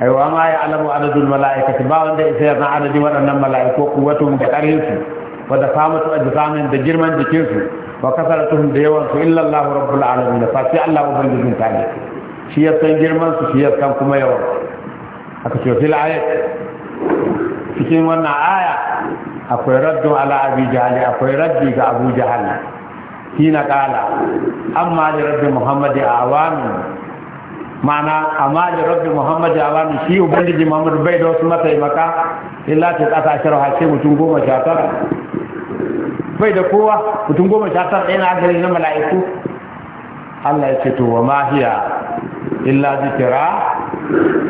ay wa ma ya alamu adadul malaikati ba wanda de san adadin wa mala'iku malaikatu watum ka su wa da famatu adzamin da girman jikinsu wa kasaratuhum da yawan su illa Allah rabbul alamin fa sai Allah ubangijin ta ne shi ya san girman su shi ya san kuma yawan aka ce fil ayat cikin wannan aya akwai raddu ala abi jahali akwai raddi ga abu shi na kala amma da rabbi muhammadi a awami mana amma da rabbi muhammadi a awami shi ubangiji muhammadu bai da wasu mataimaka illa ta tsata shirar hashe mutum goma sha bai da kowa mutum goma sha tara ɗaya na agari na mala'iku Allah ya ce to wa ma hiya illa zikira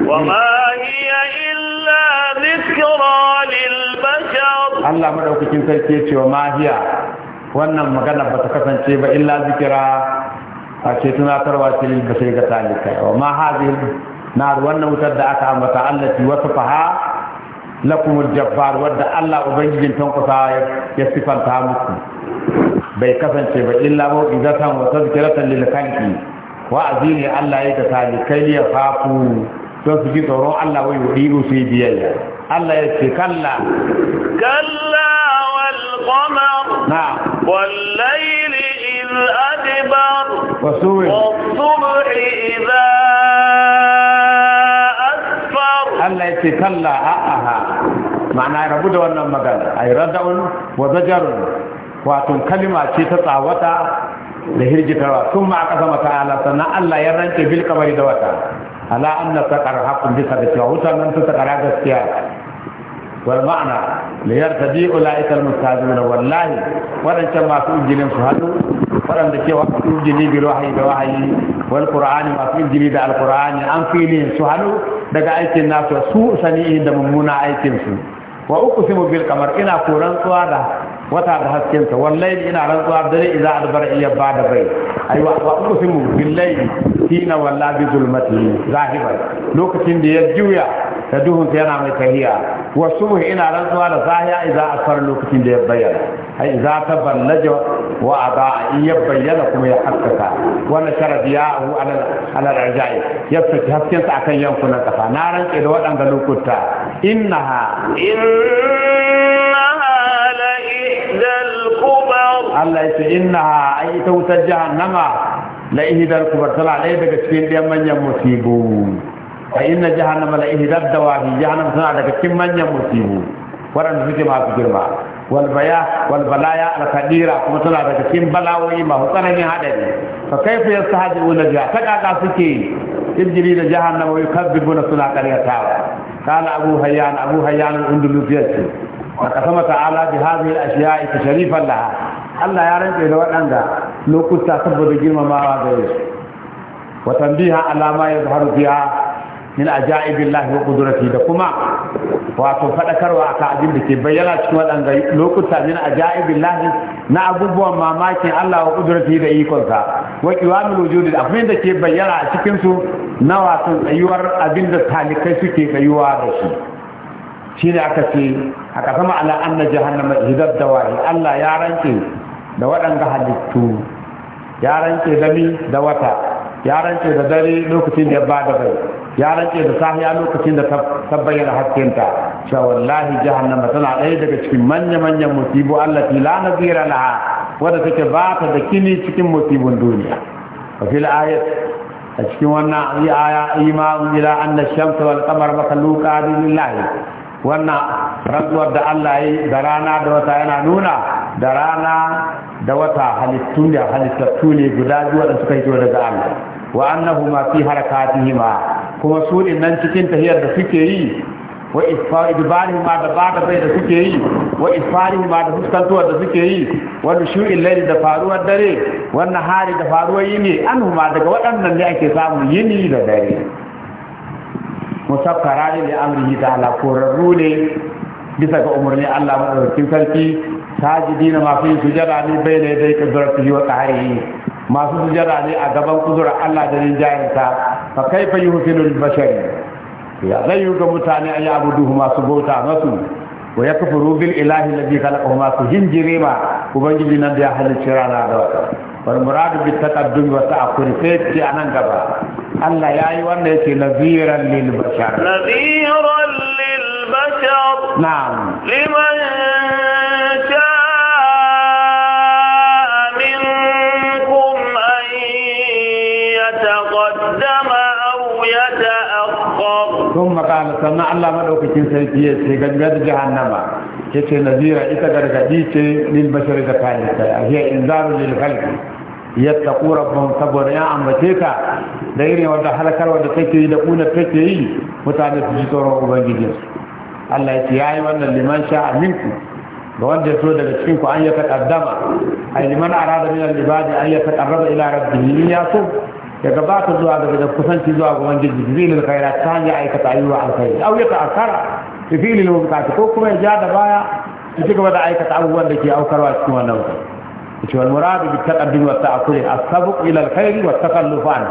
wa ma hiya illa zikira lil bashar Allah madaukakin sarki ya ce wa ma hiya wannan magana ba ta kasance ba illa zikira a ce tunatarwa ce lil bashar ga talika wa ma hadhihi nar wannan wutar da aka ambata allati wasfaha لكم الجبار ود الله وبنجي تنكو ساي يصفان تامك بي كفن شي الا مو اذا تام وتذكره للخلق واذيني الله يك ثاني كيل يفاقو تورو الله ويديرو سي بيي الله يتي كلا كلا والقمر نعم والليل اذ ادبر وسوي والصبح اذا اسفر الله يتي كلا اها أه، أه. ma'ana rabu da wannan magana a yi rada'un wa zajarun wato kalima ce ta tsawata da hirgitarwa sun ma aka sama ta'ala sannan Allah ya rance bil kamari da wata ala anna saqar haqqun bisa da cewa wutan nan ta kara gaskiya wal ma'ana ta biyu la'ikar al da wallahi waɗancan masu injilin su hannu waɗanda ke wasu injili bil wahyi da wahayi wal qur'ani masu injili da al qur'ani an fili su hannu daga aikin nasu su sani'i da mummuna aikin su wa uku simu bil kamar ina koran tsawa da wata da hasken sa wallahi ina rantsuwa dare idza adbara iya ba da bai aiwa wa uqsimu billahi hina walla bi zulmati zahiban lokacin da ya juya da duhun yana mai tahiya wa subh ina rantsuwa da sahiya idza asfar lokacin da ya bayyana ai idza taballaja wa ada ya bayyana kuma ya hakkaka wala sharadiyahu ala ala arja'i ya fiti hasken akan yankunan kafa na rantsa da waɗanda lokuta innaha in الله إنها أي توسجها نما لا إهدار كبر صلى الله عليه دك سين دي من يمسيبون فإن جهنم لا إهدار دواهي جهنم صلى الله عليه دك من يمسيبون ورن ذكي ما كبير ما والبيا والبلايا الكديرة كما صلى الله عليه دك سين بلاوي ما هو كان من هذا فكيف يستهدئون جهة فكاك أفكي إبجرين جهنم ويكذبون صلى الله عليه وسلم قال أبو هيان أبو هيان الأندلوبيات فقسمت على بهذه الأشياء تشريفا لها Allah ya rantse da waɗanda lokuta saboda girmamawa da yau wa tanbiha alama ya zaharu biya min lahi wa qudratihi da kuma wato fadakarwa aka abin da ke bayyana cikin waɗanda lokuta min lahi na abubuwan mamakin Allah wa qudratihi da ikonsa wa qiwamul wujudi abin da ke bayyana a cikin su na wato tsayuwar abin da talikai suke tsayuwa da shi ne aka ce aka sama ala anna jahannama hidab dawahi Allah ya rantse da waɗanda halittu ya rance da mi da wata ya rance da dare lokacin da ya ba da bai ya rance da sahiya lokacin da ta bayyana haskenta cewa wallahi jahannama tana ɗaya daga cikin manya-manyan musibu fi la nazira laha wadda take ba ta da kini cikin musibun duniya a fil ayat a cikin wannan aya imamu ila anna shamsa wal qamar makhluqan lillahi wannan rantsuwar da Allah yi da rana da wata yana nuna da rana da wata halittu ne halittattu ne guda biyu da suka hito daga Allah wa ma fi harakatihima kuma su din nan cikin tahiyar da suke yi wa ma da ba da bai da suke yi wa ma da fuskantuwar da suke yi wa nushu'il layli da faruwar dare wannan hari da faruwar yini ma daga waɗannan ne ake samu yini da dare musaffara ne da ta ala korarru ne bisa ga umarni Allah madaukakin sarki sajidina masu yin sujada ne bai ne dai fi wa qahrihi masu sujada ne a gaban kuzura Allah da rinjayarsa fa kaifa yuhsinul bashari ya zai ga mutane a ayi abuduhu masu bauta masu wa yakfuru bil ilahi alladhi khalaqahu masu hinjirima ubangiji nan da ya halicci rana da wata والمراد بالتقدم والتأخر فيت أنا قبا الله يا أيها الناس نذيرا للبشر نذيرا للبشر نعم لمن شاء منكم أن يتقدم أو يتأخر ثم قال سمع الله ملوك تنسيتيه سيقن جهنم yace nazira ita gargadi ce lil bashar da kalita hiya inzaru lil khalqi yattaqu rabbahum saboda ya ambace ka da irin wanda halakar wanda take yi da kuna take yi mutane su ji tsoron ubangiji Allah ya yayi wannan liman sha'a minku da wanda ya so daga cikin ku an ya taqaddama ay liman arada min al-ibadi an ya taqarraba ila rabbih ya so ya gabata zuwa daga kusanci zuwa ga ubangiji zai lil ta ya aikata ayyuka alkhairi aw ya da filin mabukati ko kuma ya ja da baya ya ci gaba da aikata abubuwan da ke aukarwa cikin wannan wuta ya ce walmuradu bi taqaddim wa ta'khuri as-sabq ila al-khair wa takallufan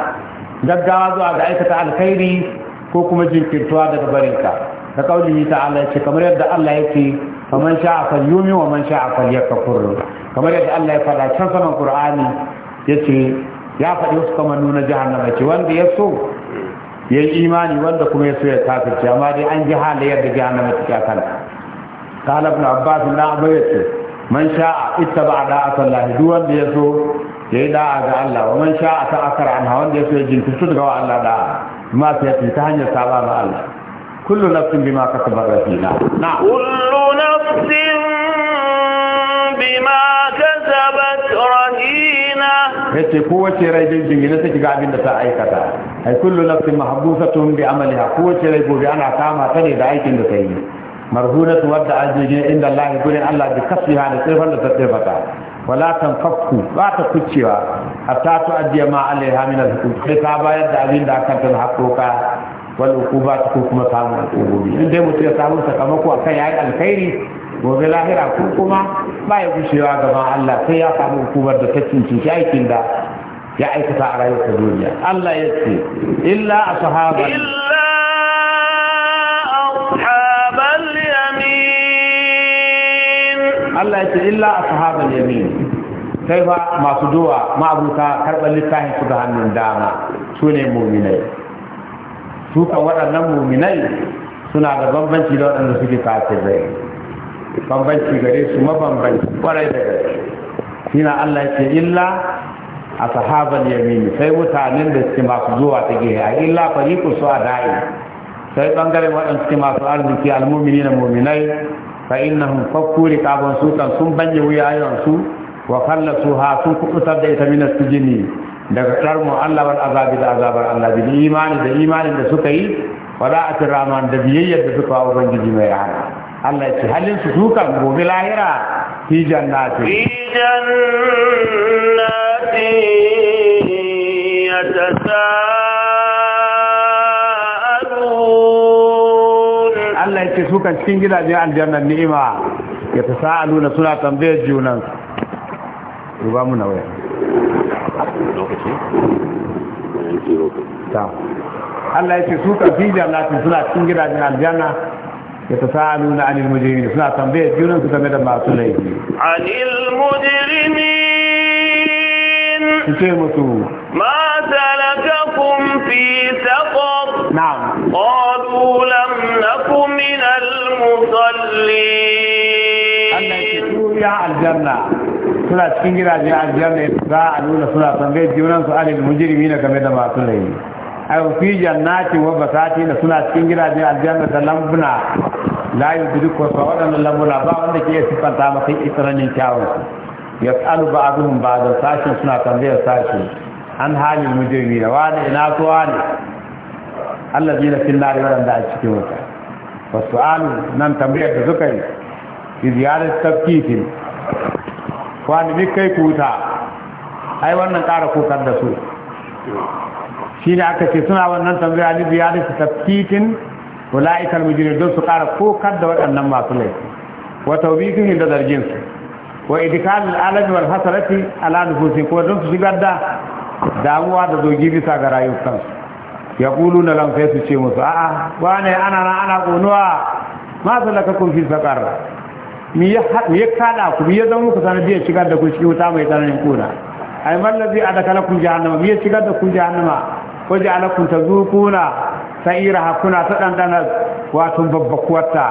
gaggawa zuwa ga aikata alkhairi ko kuma jinkirtuwa daga barinka da ta Allah ya ce kamar yadda Allah yake faman sha'a falyumi wa man sha'a falyakfur kamar yadda Allah ya faɗa can saman Qur'ani ce ya faɗi wasu kamar nuna jahannama ce wanda ya so ya yi imani wanda kuma ya so ya kafirce amma dai an ji halayyar da jahannama ta kan قال ابن عباس لا بيت من شاء اتبع دعاء الله دون يسو يي دعاء الله ومن شاء تأثر عنها وان يسو يجين تسدغوا الله دعاء ما سيأتي تهني سلام الله كل نفس بما كسبت رهينة نعم كل نفس بما كسبت رهينة yace kowace rai din jingine take ga abin da ta aikata ai kullu nafsin mahbusatun bi amaliha kowace rai gobe ana kama ta ne da aikin da ta yi marhunatu wadda ajiyar inda Allah gurin Allah bi kasbiha da tsirfan da ta tsirfata wala tan fakku ba ta kucewa hatta tu ajiya ma alaiha min al-hukum sai ta bayar da abin da aka tana hakoka wal uqubat ko kuma samu al-uqubi in dai mutum ya samu sakamako akan yayi alkhairi gobe lahira kun kuma ba ya gushewa gaban Allah sai ya samu hukumar da ta cinci aikin da ya aikata a rayuwar duniya Allah ya ce illa a illa yamin Allah ya ce illa yamin sai fa masu duwa ma'abuta karɓar littafin su da hannun dama su ne muminai su kan waɗannan muminai suna da bambanci da waɗanda suke kafirai bambanci gare su mabambanci kwarai da shi na Allah ce illa a sahabar yamini sai mutanen da suke masu zuwa ta gehe a illa fariku su a da'i sai bangaren waɗanda suke masu arziki almumini na muminai fa innahum fakkuri kabon su kan sun banye wuya su wa kalla su ha sun kubutar da ita minas jini daga ɗarmu Allah azabi da azabar Allah bi imani da imanin da suka yi wa da'atir rahman da biyayyar da suka wa ubangiji mai rahama Allah ya ce halin su dukan gobe lahira fi jannati fi jannati yatasaalun Allah ya ce su kan cikin gidajen aljanna ni'ima yatasaaluna suna tambayar junan mu na waya lokaci ta Allah ya ce su kan fi suna cikin gidajen aljanna يتساءلون عن المجرمين فلا تنبيه جنون تتمدى ما تليه عن المجرمين ما سلككم في سقر نعم قالوا لم نكن من المصلين يا الجنة فلا تنجل على الجنة يتساءلون فلا تنبيه المجرمين تتمدى ما تليه ay fi jannati wa basati da suna cikin gidajen aljanna da lambuna la yudriku fa wadannan lambuna ba wanda ke sifanta masa isranin kyawun yas'alu ba'dhum ba'da sashin suna tambayar sashin an halin mujrimi da wani ina so wani allazina fil nar wadanda a cikin wuta wa su'alu nan tambayar da suka yi fi ziyarar tafkifin wani mi kai kuta ai wannan kara kokar da su shi ne aka ce suna wannan tambaya ni biya da su tafkikin wala'ikal mujirin don su ƙara kokar da waɗannan masu laifi wa hin da zarginsu wa idikal al'alami wal hasarati ala nufusin kuma don su shigar da damuwa da zogi bisa ga rayukansu ya kulu na lamfai su ce musu a'a wane ana na ana ƙonuwa masu lakakun fi saƙar mi ya kaɗa ku mi ya zama muku sanadiyar shigar da ku cikin wuta mai tsananin kuna ai mallazi a da kalakun jahannama mi ya shigar da ku jahannama waje alakun ta zukuna sa'ira hakuna ta ɗanɗana wato babbakuwarta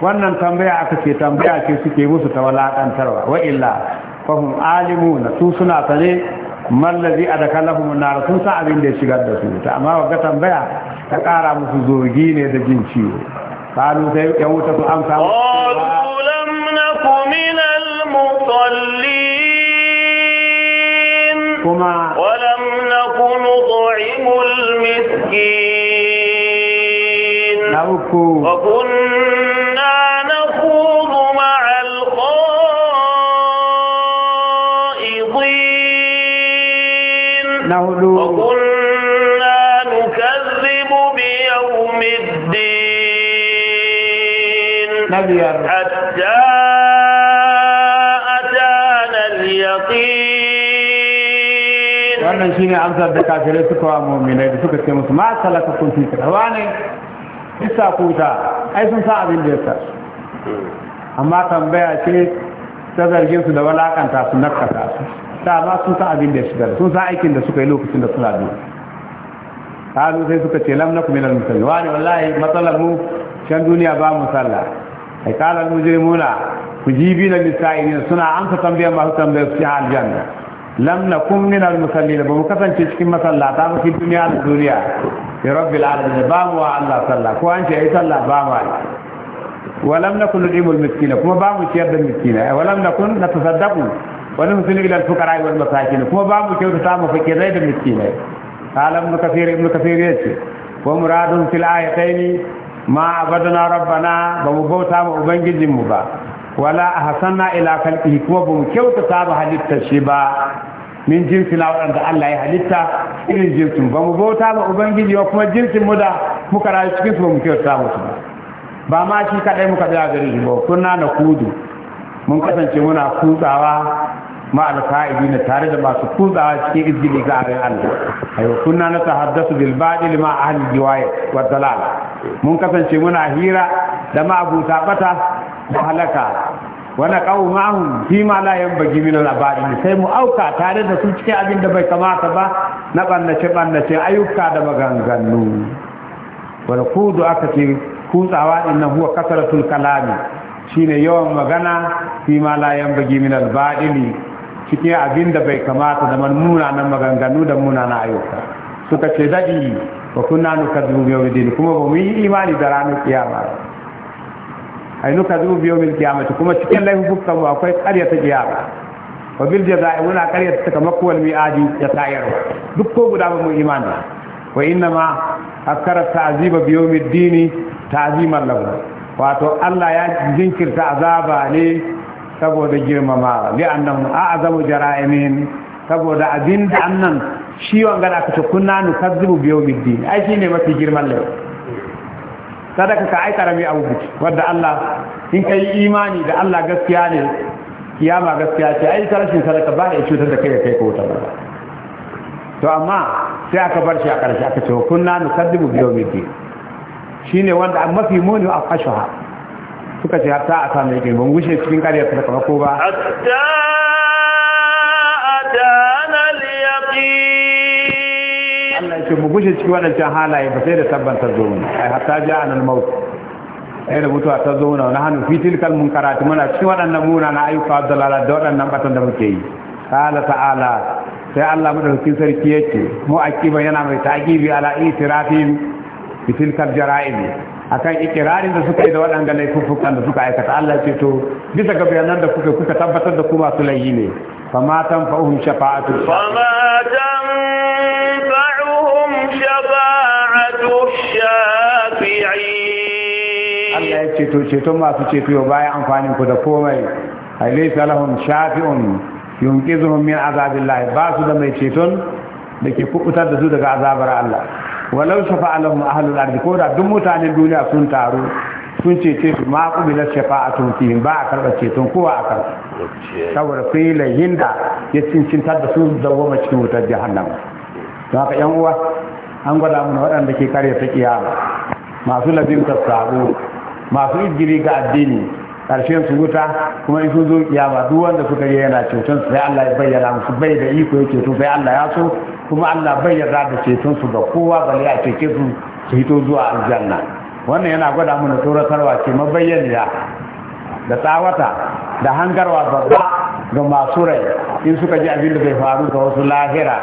wannan tambaya aka ce tambaya ce suke musu ta walaƙantarwa wa illa fahim alimu na su suna sane mallazi a daga lahumun sun sa abin da ya shigar da su ta amma wagga tambaya ta ƙara musu zogi ne da jin ciwo kanu sai ya wuta su amsa musu kuma wala نطعم المسكين وكنا نخوض مع الخائضين وكنا نكذب بيوم الدين حتى wannan shine amsar da kafirai suka wa mu'minai da suka ce musu ma salaka kun fi sirwa ne isa kuta ai sun sa abin da ya sa amma tambaya ce ta zargin su da walakanta su nakasa su ba sun sa abin da ya shigar sun sa aikin da suka yi lokacin da suna biyu kalu sai suka ce lam nakum minal musallin wani wallahi matsalar mu can duniya ba mu sallah ai kala mujrimuna ku jibi na lisa'ina suna amsa tambayar masu tambayar su aljanna lam nakum min al musallin ba mu kasance cikin masallata ba cikin duniya da duniya ya rabbil alamin ba mu wa Allah sallah ko an ce ai sallah ba mu wa lam nakun nudimul miskina kuma ba mu ciyar da miskina wa lam na natasaddaqu wa nusilu ila al fuqara wal masakin kuma ba mu ta mu zai da miskina alam mu kathir ibn kathir ce wa muradun fil ayatayn ma abadana rabbana ba mu bauta mu ubangijin mu ba wala ahsanna ila khalqihi kuma ba mu kyautata ba halitta shi ba min na waɗanda Allah ya halitta irin jinsin ba mu bauta ba ubangiji ba kuma jinsin mu da muka rayu cikin su ba mu kyauta musu ba ba ma shi kadai muka tsaya gari shi ba kunna na kudu mun kasance muna kutsawa ma'al fa'idina tare da masu kutsawa cikin izgili ga abin Allah ayo kunna na tahaddasu bil ba'dil ma ahli riwaya wa mun kasance muna hira da ma'abuta bata da halaka wa naqau ma'ahum fi ma la yanbaghi min al sai mu auka tare da su cikin abinda bai kamata ba na bannace bannace ayyuka da maganganu Wani kudu aka ce kutsawa innan huwa kasratul kalami shine yawan magana fi ma la min al cikin abin da bai kamata da nan maganganu da na ayyuka suka ce daɗi wa kunna nukazzibu bi kuma ba mu yi imani da ranar kiyama ai nukazzibu biyo yawmil qiyamati kuma cikin laifukan mu akwai ƙarya ta kiyama wa bil jazaa'i muna ƙarya ta takamako wal mi'adi ya tayarwa duk ko guda ba mu imani wa inna ma akara ta'ziba biyo yawmid dini ta'ziman lahu wato Allah ya jinkirta azaba ne saboda girmamawa li'annahum a'zamu jara'imin saboda abin da annan shi wanga da aka ce kunna nu kazzubu bi yawmid din ai ne mafi girman lai sadaka ka ai karami abu wanda Allah in kai imani da Allah gaskiya ne kiyama gaskiya ce ai tarashin sadaka ba ya cutar da kai ya kai kota ba to amma sai aka bar shi a karshe aka ce kunna nu kazzubu bi yawmid din shine wanda mafi muni a fashaha suka ce hatta a samu yake ban gushe cikin kariyar ta kama ko ba hatta adana al Allah ya ce mu gushe cikin wannan wadancan halaye ba sai da tabbatar zo mu ai hatta ja al-maut ai da mutuwa ta zo na hannu fi tilkal munkarati muna cikin wadannan muna na ayyuka dalala da wadannan batun da muke yi qala ta'ala sai Allah madaukakin sarki yake mu akiba yana mai taqibi ala itirafin bi tilkal jara'im akan ikirarin da suka yi da waɗanda laifuffukan da suka aikata Allah ce to bisa ga bayanan da kuka kuka tabbatar da ku masu laifi ne fama tanfa'uhum shafa'atu fama tanfa'uhum shafa'atu shafi'i Allah ya ce to ceton masu ceto bayan amfanin ku da komai laysa lahum shafi'un yunqizuhum min azabillah ba su da mai ceton da ke kubutar da su daga azabar Allah walau alamu a ahlul ardi ko da duk mutanen duniya sun taru sun cece su ma shafa shafa'atun fihim ba a karba ceton kowa a kan saboda fila yinda ya cincintar da su dawwama cikin wutar jahannama don haka yan uwa an gwada mana waɗanda ke karya ta kiyama masu labin sabo masu igiri ga addini karshen su wuta kuma in sun zo kiyama duk wanda suka yi yana ceton sai Allah ya bayyana musu bai da iko ya to sai Allah ya so kuma Allah bai yarda da ceton su ga kowa bale a cece su su hito zuwa aljanna wannan yana gwada mana tsoratarwa ce mabayyaniya da tsawata da hangarwa babba ga masu rai in suka ji abin da bai faru ga wasu lahira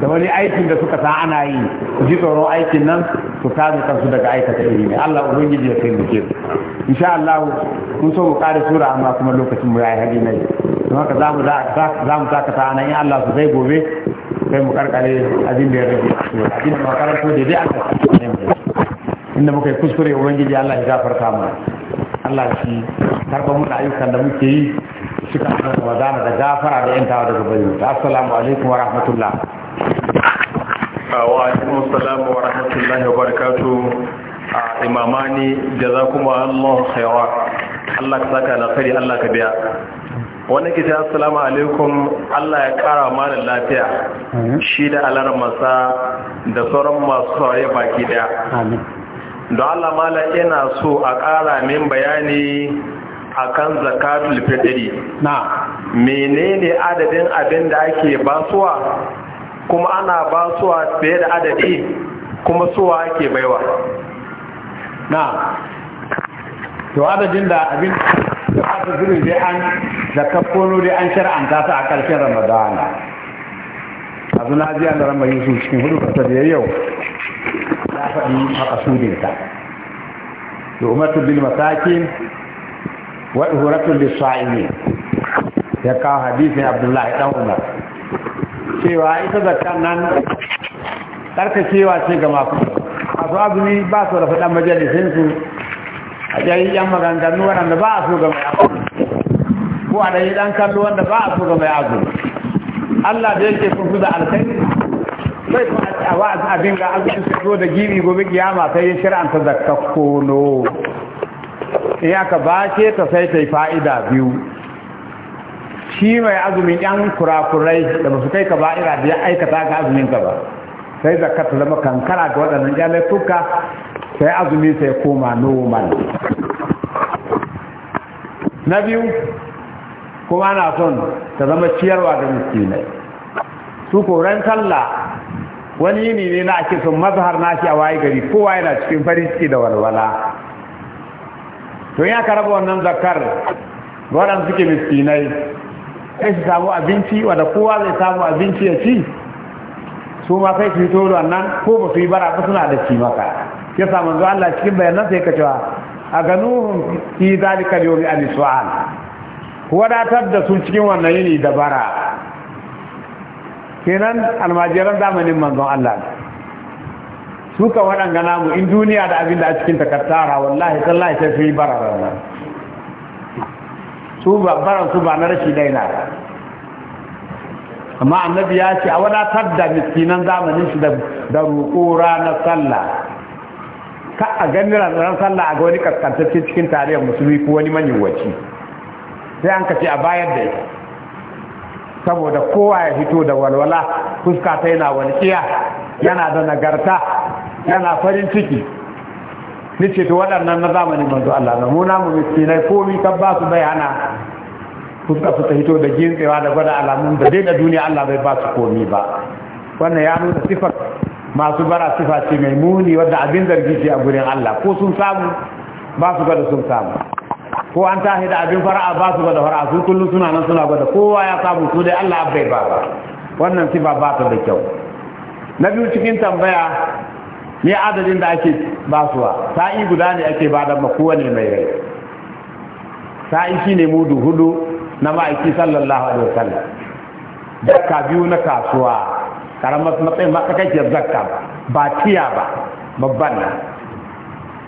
da wani aikin da suka sa ana yi su ji tsoron aikin nan su kame kansu daga aikata iri ne Allah ubangiji ya kai mu ke insha Allah kun so mu kare sura amma kuma lokacin mu yayi hadi ne don haka zamu za mu in Allah su zai gobe kai mu karkare abin da ya rage abin da makaranto da dai aka ya ne mu inda muka yi kuskure ubangiji Allah ya gafarta mu Allah shi karba mu da ayyukan da muke yi shi kan Ramadan da gafara da yantawa daga bayu assalamu alaikum wa rahmatullah wa alaikum assalam wa rahmatullahi wa barakatuh imamani jazakumullahu khairan Allah ka saka alkhairi Allah ka biya wani ke ta assalamu alaikum Allah ya kara da lafiya shi da alar masa da sauran masu saurari baki daya don Allah mala yana so a kara min bayani akan zakatul fitri na menene adadin abin da ake basuwa kuma ana basuwa fiye da adadi kuma suwa ake baiwa na to adadin da abin aka zuru dai an zakafonu dai an shar'anta tasa a ƙarshen ramadana a zuna ji an da ramar yusuf cikin hudu ta da yau ta faɗi haka ta. da umartu bil masakin wa ihuratun lissa'ini ya kawo hadisin abdullahi dan umar cewa ita zakkan nan tsarkakewa ce ga masu abu ne ba su da faɗan majalisinsu a jayi yan maganganu waɗanda ba a so ga mai azumi ko a yi ɗan kallo wanda ba a so ga mai azumi Allah da yake kun fi da alkhairi sai kuma a wa'azin abin ga azumin su zo da gibi gobe kiyama sai ya shir'anta zakka kono in ba bace ta sai ta yi fa'ida biyu shi mai azumin yan kurakurai da ba su kai ka ba'ira da ya aikata ka azumin ka ba sai zakka ta zama kankara ga waɗannan yan tuka sai azumi sai koma normal na biyu kuma na son ta zama ciyarwa da miskinai su koren sallah wani yini ne na ake son mazhar nashi a waye gari kowa yana cikin farin ciki da walwala to ya karaba wannan zakar waɗanda suke miskinai sai su samu abinci wadda kowa zai samu abinci ya ci su ma sai su fito da wannan ko ba su yi bara ba suna da ci maka ya sa manzo Allah cikin bayanan sai ka cewa a ganuhum fi zalika yawmi al su'al wadatar da su cikin wannan yini da bara kenan almajiran zamanin manzo Allah su ka waɗanga namu in duniya da abin da a cikin takartara wallahi sallahi sai su yi bara rana su ba baran su ba na rashi daina amma annabi ya ce a wadatar da miskinan zamanin shi da roƙo ranar sallah ka a ganin ranar sallah a ga wani kaskantacce cikin tarihin musulmi ko wani manyan sai an kace a bayar da ita saboda kowa ya fito da walwala fuska ta yana walƙiya yana da nagarta yana farin ciki ni ce to waɗannan na zamani manzo Allah na mu namu miskinai mi ka ba su bayana fuska su ta hito da jinsewa da gwada alamun da dai da duniya Allah bai ba su komi ba wannan ya nuna sifar masu bara sifa ce mai muni wadda abin zargi ce a gurin Allah ko sun samu ba su gada sun samu ko an tahi da abin fara'a ba su gada fara'a su kullum suna nan suna gada kowa ya samu su dai Allah abai ba ba wannan sifa ba ta da kyau na biyu cikin tambaya ne adadin da ake basuwa sa'i guda ne ake ba da kowane mai rai sa'i shi ne mudu hudu na ma'aiki sallallahu alaihi wasallam dakka biyu na kasuwa karamar matsayin matsakaiciyar zakka ba ba tiya ba babban na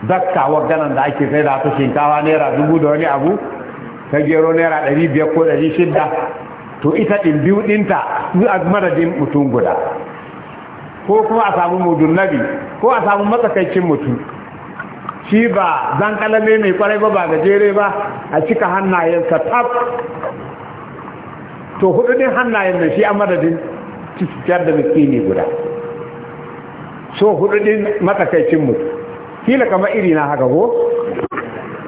zakka waganan da ake sai da ta shinkawa naira dubu da wani abu ta gero naira ɗari biyar ko ɗari shida to ita ɗin biyu ɗinta su a madadin mutum guda ko kuma a samu mudun nabi ko a samu matsakaicin mutum shi ba zan kalame mai kwarai ba ba jere ba a cika hannayensa tab to hudu ɗin hannayen da shi a madadin cutar da ne guda so hudu din matakaicin mutu kila kama iri na haka ko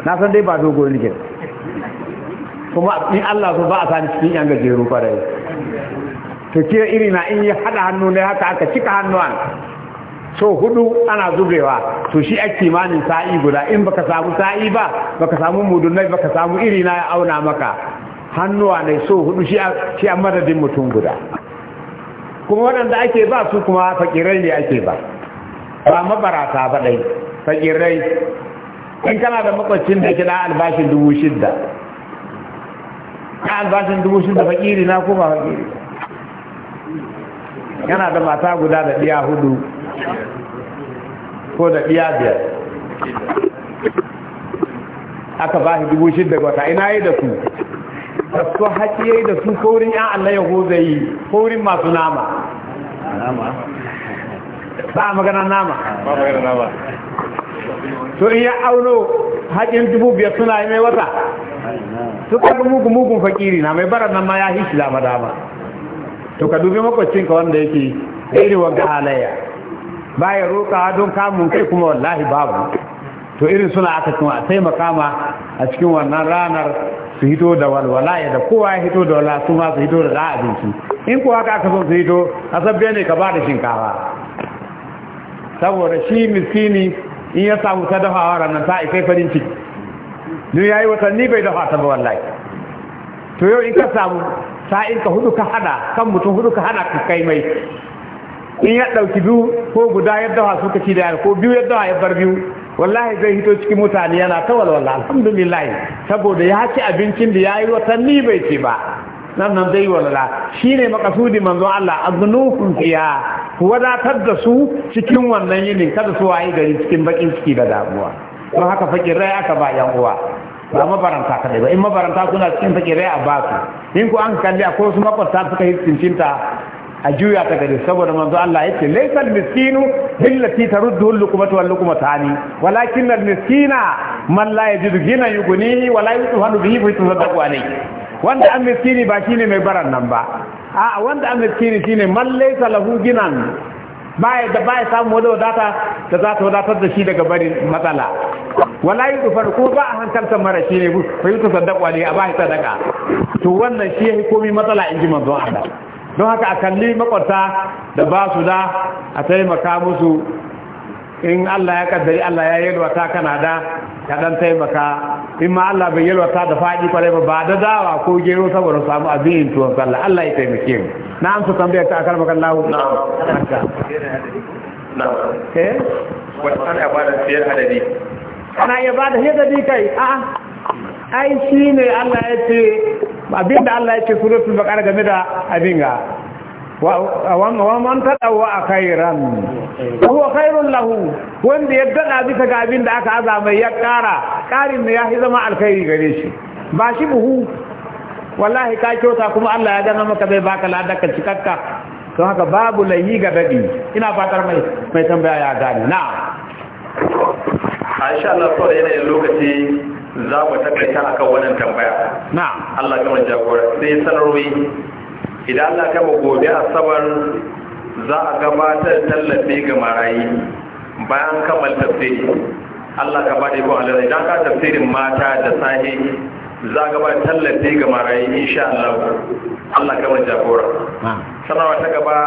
na san dai ba dogon rigin kuma in Allah so ba a sani cikin yan gajeru kwarai to kira iri na in yi hada hannu ne haka aka cika hannuwan so hudu ana zubewa to shi a kimanin sa'i guda in baka samu sa'i ba baka samu mudunai baka samu iri na ya auna maka hannuwa ne so hudu shi a madadin mutum guda kuma waɗanda ake ba su kuma fakirai ne ake ba ba mabarata ba ɗai fakirai in kana da makwacin da na albashin dubu shidda na albashin dubu shidda fakiri na kuma fakiri yana da mata guda da ɗiya hudu ko da ɗiya biyar aka ba shi dubu shidda wata ina yi da ku su haƙiye da su kaurin ‘yan Allah ya goza yi kaurin masu nama ba a magana nama to in ya auno haƙin dubu biyar suna yi mai wata su ƙarfi mugun mugun faƙiri na mai barar nan ma ya hishi dama dama to ka dubi makwacinka wanda yake irin wanga halayya ba ya roƙa don kamun kai kuma wallahi babu to irin suna aka kuma sai makama a cikin wannan ranar su hito da walwala ya da kowa ya hito da walwala su ma su hito da za abinci in kowa ka aka son su hito a sabbe ne ka ba da shinkawa saboda shi miskini in ya samu ta dafawa ranar ta isai farin ciki duk ya yi watanni bai dafa ta ba wallahi to yau in ka samu sa'in ka hudu ka hada kan mutum hudu ka hada ka kai mai in ya ɗauki biyu ko guda yadda wasu suka ci da ko biyu yadda wa ya bar biyu wallahi zai hito cikin mutane yana ta walwala alhamdulillah saboda ya ci abincin da ya yi watanni bai ci ba nan nan zai walwala shi ne makasudi manzo Allah aznufun fiya wadatar da su cikin wannan yinin kada su waye gari cikin bakin ciki da damuwa don haka rai aka ba yan uwa ba mabaranta dai ba in mabaranta suna cikin rai a basu in ku an kalli akwai wasu makwabta suka yi cincinta a juya ta gare saboda manzo Allah yake laysal miskinu billati taruddu lukumatu wal lukumatu ani walakin al miskina man la yajidu gina yuguni wala yuhadu bihi fa tusaddaqu alayhi wanda an miskini ba shine mai baran nan ba a wanda an miskini shine man laysa lahu ginan baya da baya samu wani wadata da za ta wadatar da shi daga bari matsala wala yi dufar ko ba a hankalta mara shi ne fa yi ta sadaka ne a ba sadaka to wannan shi ya komi matsala in ji manzon Allah don haka a kalli makwarta da ba su da a taimaka musu in Allah ya kaddari Allah ya yalwata kana da ka dan taimaka in ma Allah bai yalwata da faɗi kwarai ba ba da dawa ko gero saboda samu abin tuwon sallah Allah ya taimake mu na amsa tambayar ta akar maka Allah na na eh wata ana bada siyar hadari ana iya bada hadari kai a ai shi ne Allah ya ce da Allah ya ce suratul bakar game da abin ga wa man tadawwa khairan huwa lahu wanda ya dada bisa ga abin da aka azama ya kara ƙarin ne ya zama alkhairi gare shi ba shi buhu wallahi ka kyauta kuma Allah ya gana maka bai baka ladaka cikakka don haka babu layi ga dadi ina fatar mai tambaya ya gani na. a sha Allah da yanayin lokaci za mu takaita kan wannan tambaya na Allah kama jagora sai sanarwi idan Allah kama gobe a sabar za a gabatar tallafi ga marayi bayan kamar tafsiri Allah ka bada ikon Allah idan ka tafsirin mata da sahi za a gabatar tallafi ga marayi insha Allah Allah ka mana jagora sanarwa ta gaba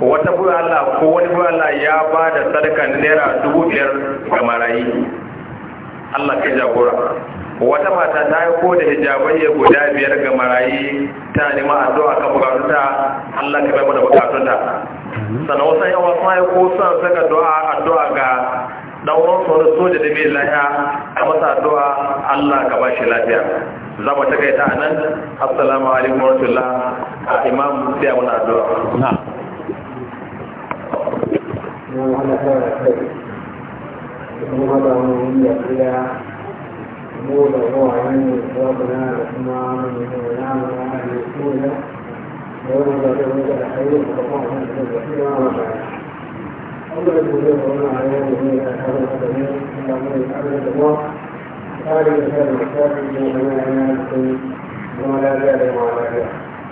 wata buwa Allah ko wani buwa Allah ya ba da sadaka naira dubu biyar ga marayi Allah ka jagora wata mata ta yi ko da hijabai ya guda biyar ga marayi ta nema addu'a kan bukatunta Allah ka bai mana bukatunta sannan wasu wasu ma yi ko son saka du'a addu'a ga dan uwan soja da mai lafiya a masa addu'a Allah ka bashi lafiya za mu takaita nan assalamu alaikum wa rahmatullah imam sai mun addu'a من هذا كان السيد ومن هذا هو من إلى مولى الله عنه وابنا لكما من ونعم وعلى رسوله ومن هذا هو من الحيوة فقام من الحيوة وما بعد أما الذي يقولون عليه من أشهر القدمين إلا من يتعبد الله هذه الأشياء المشاكل من أمانة ولا زال وعلى ذلك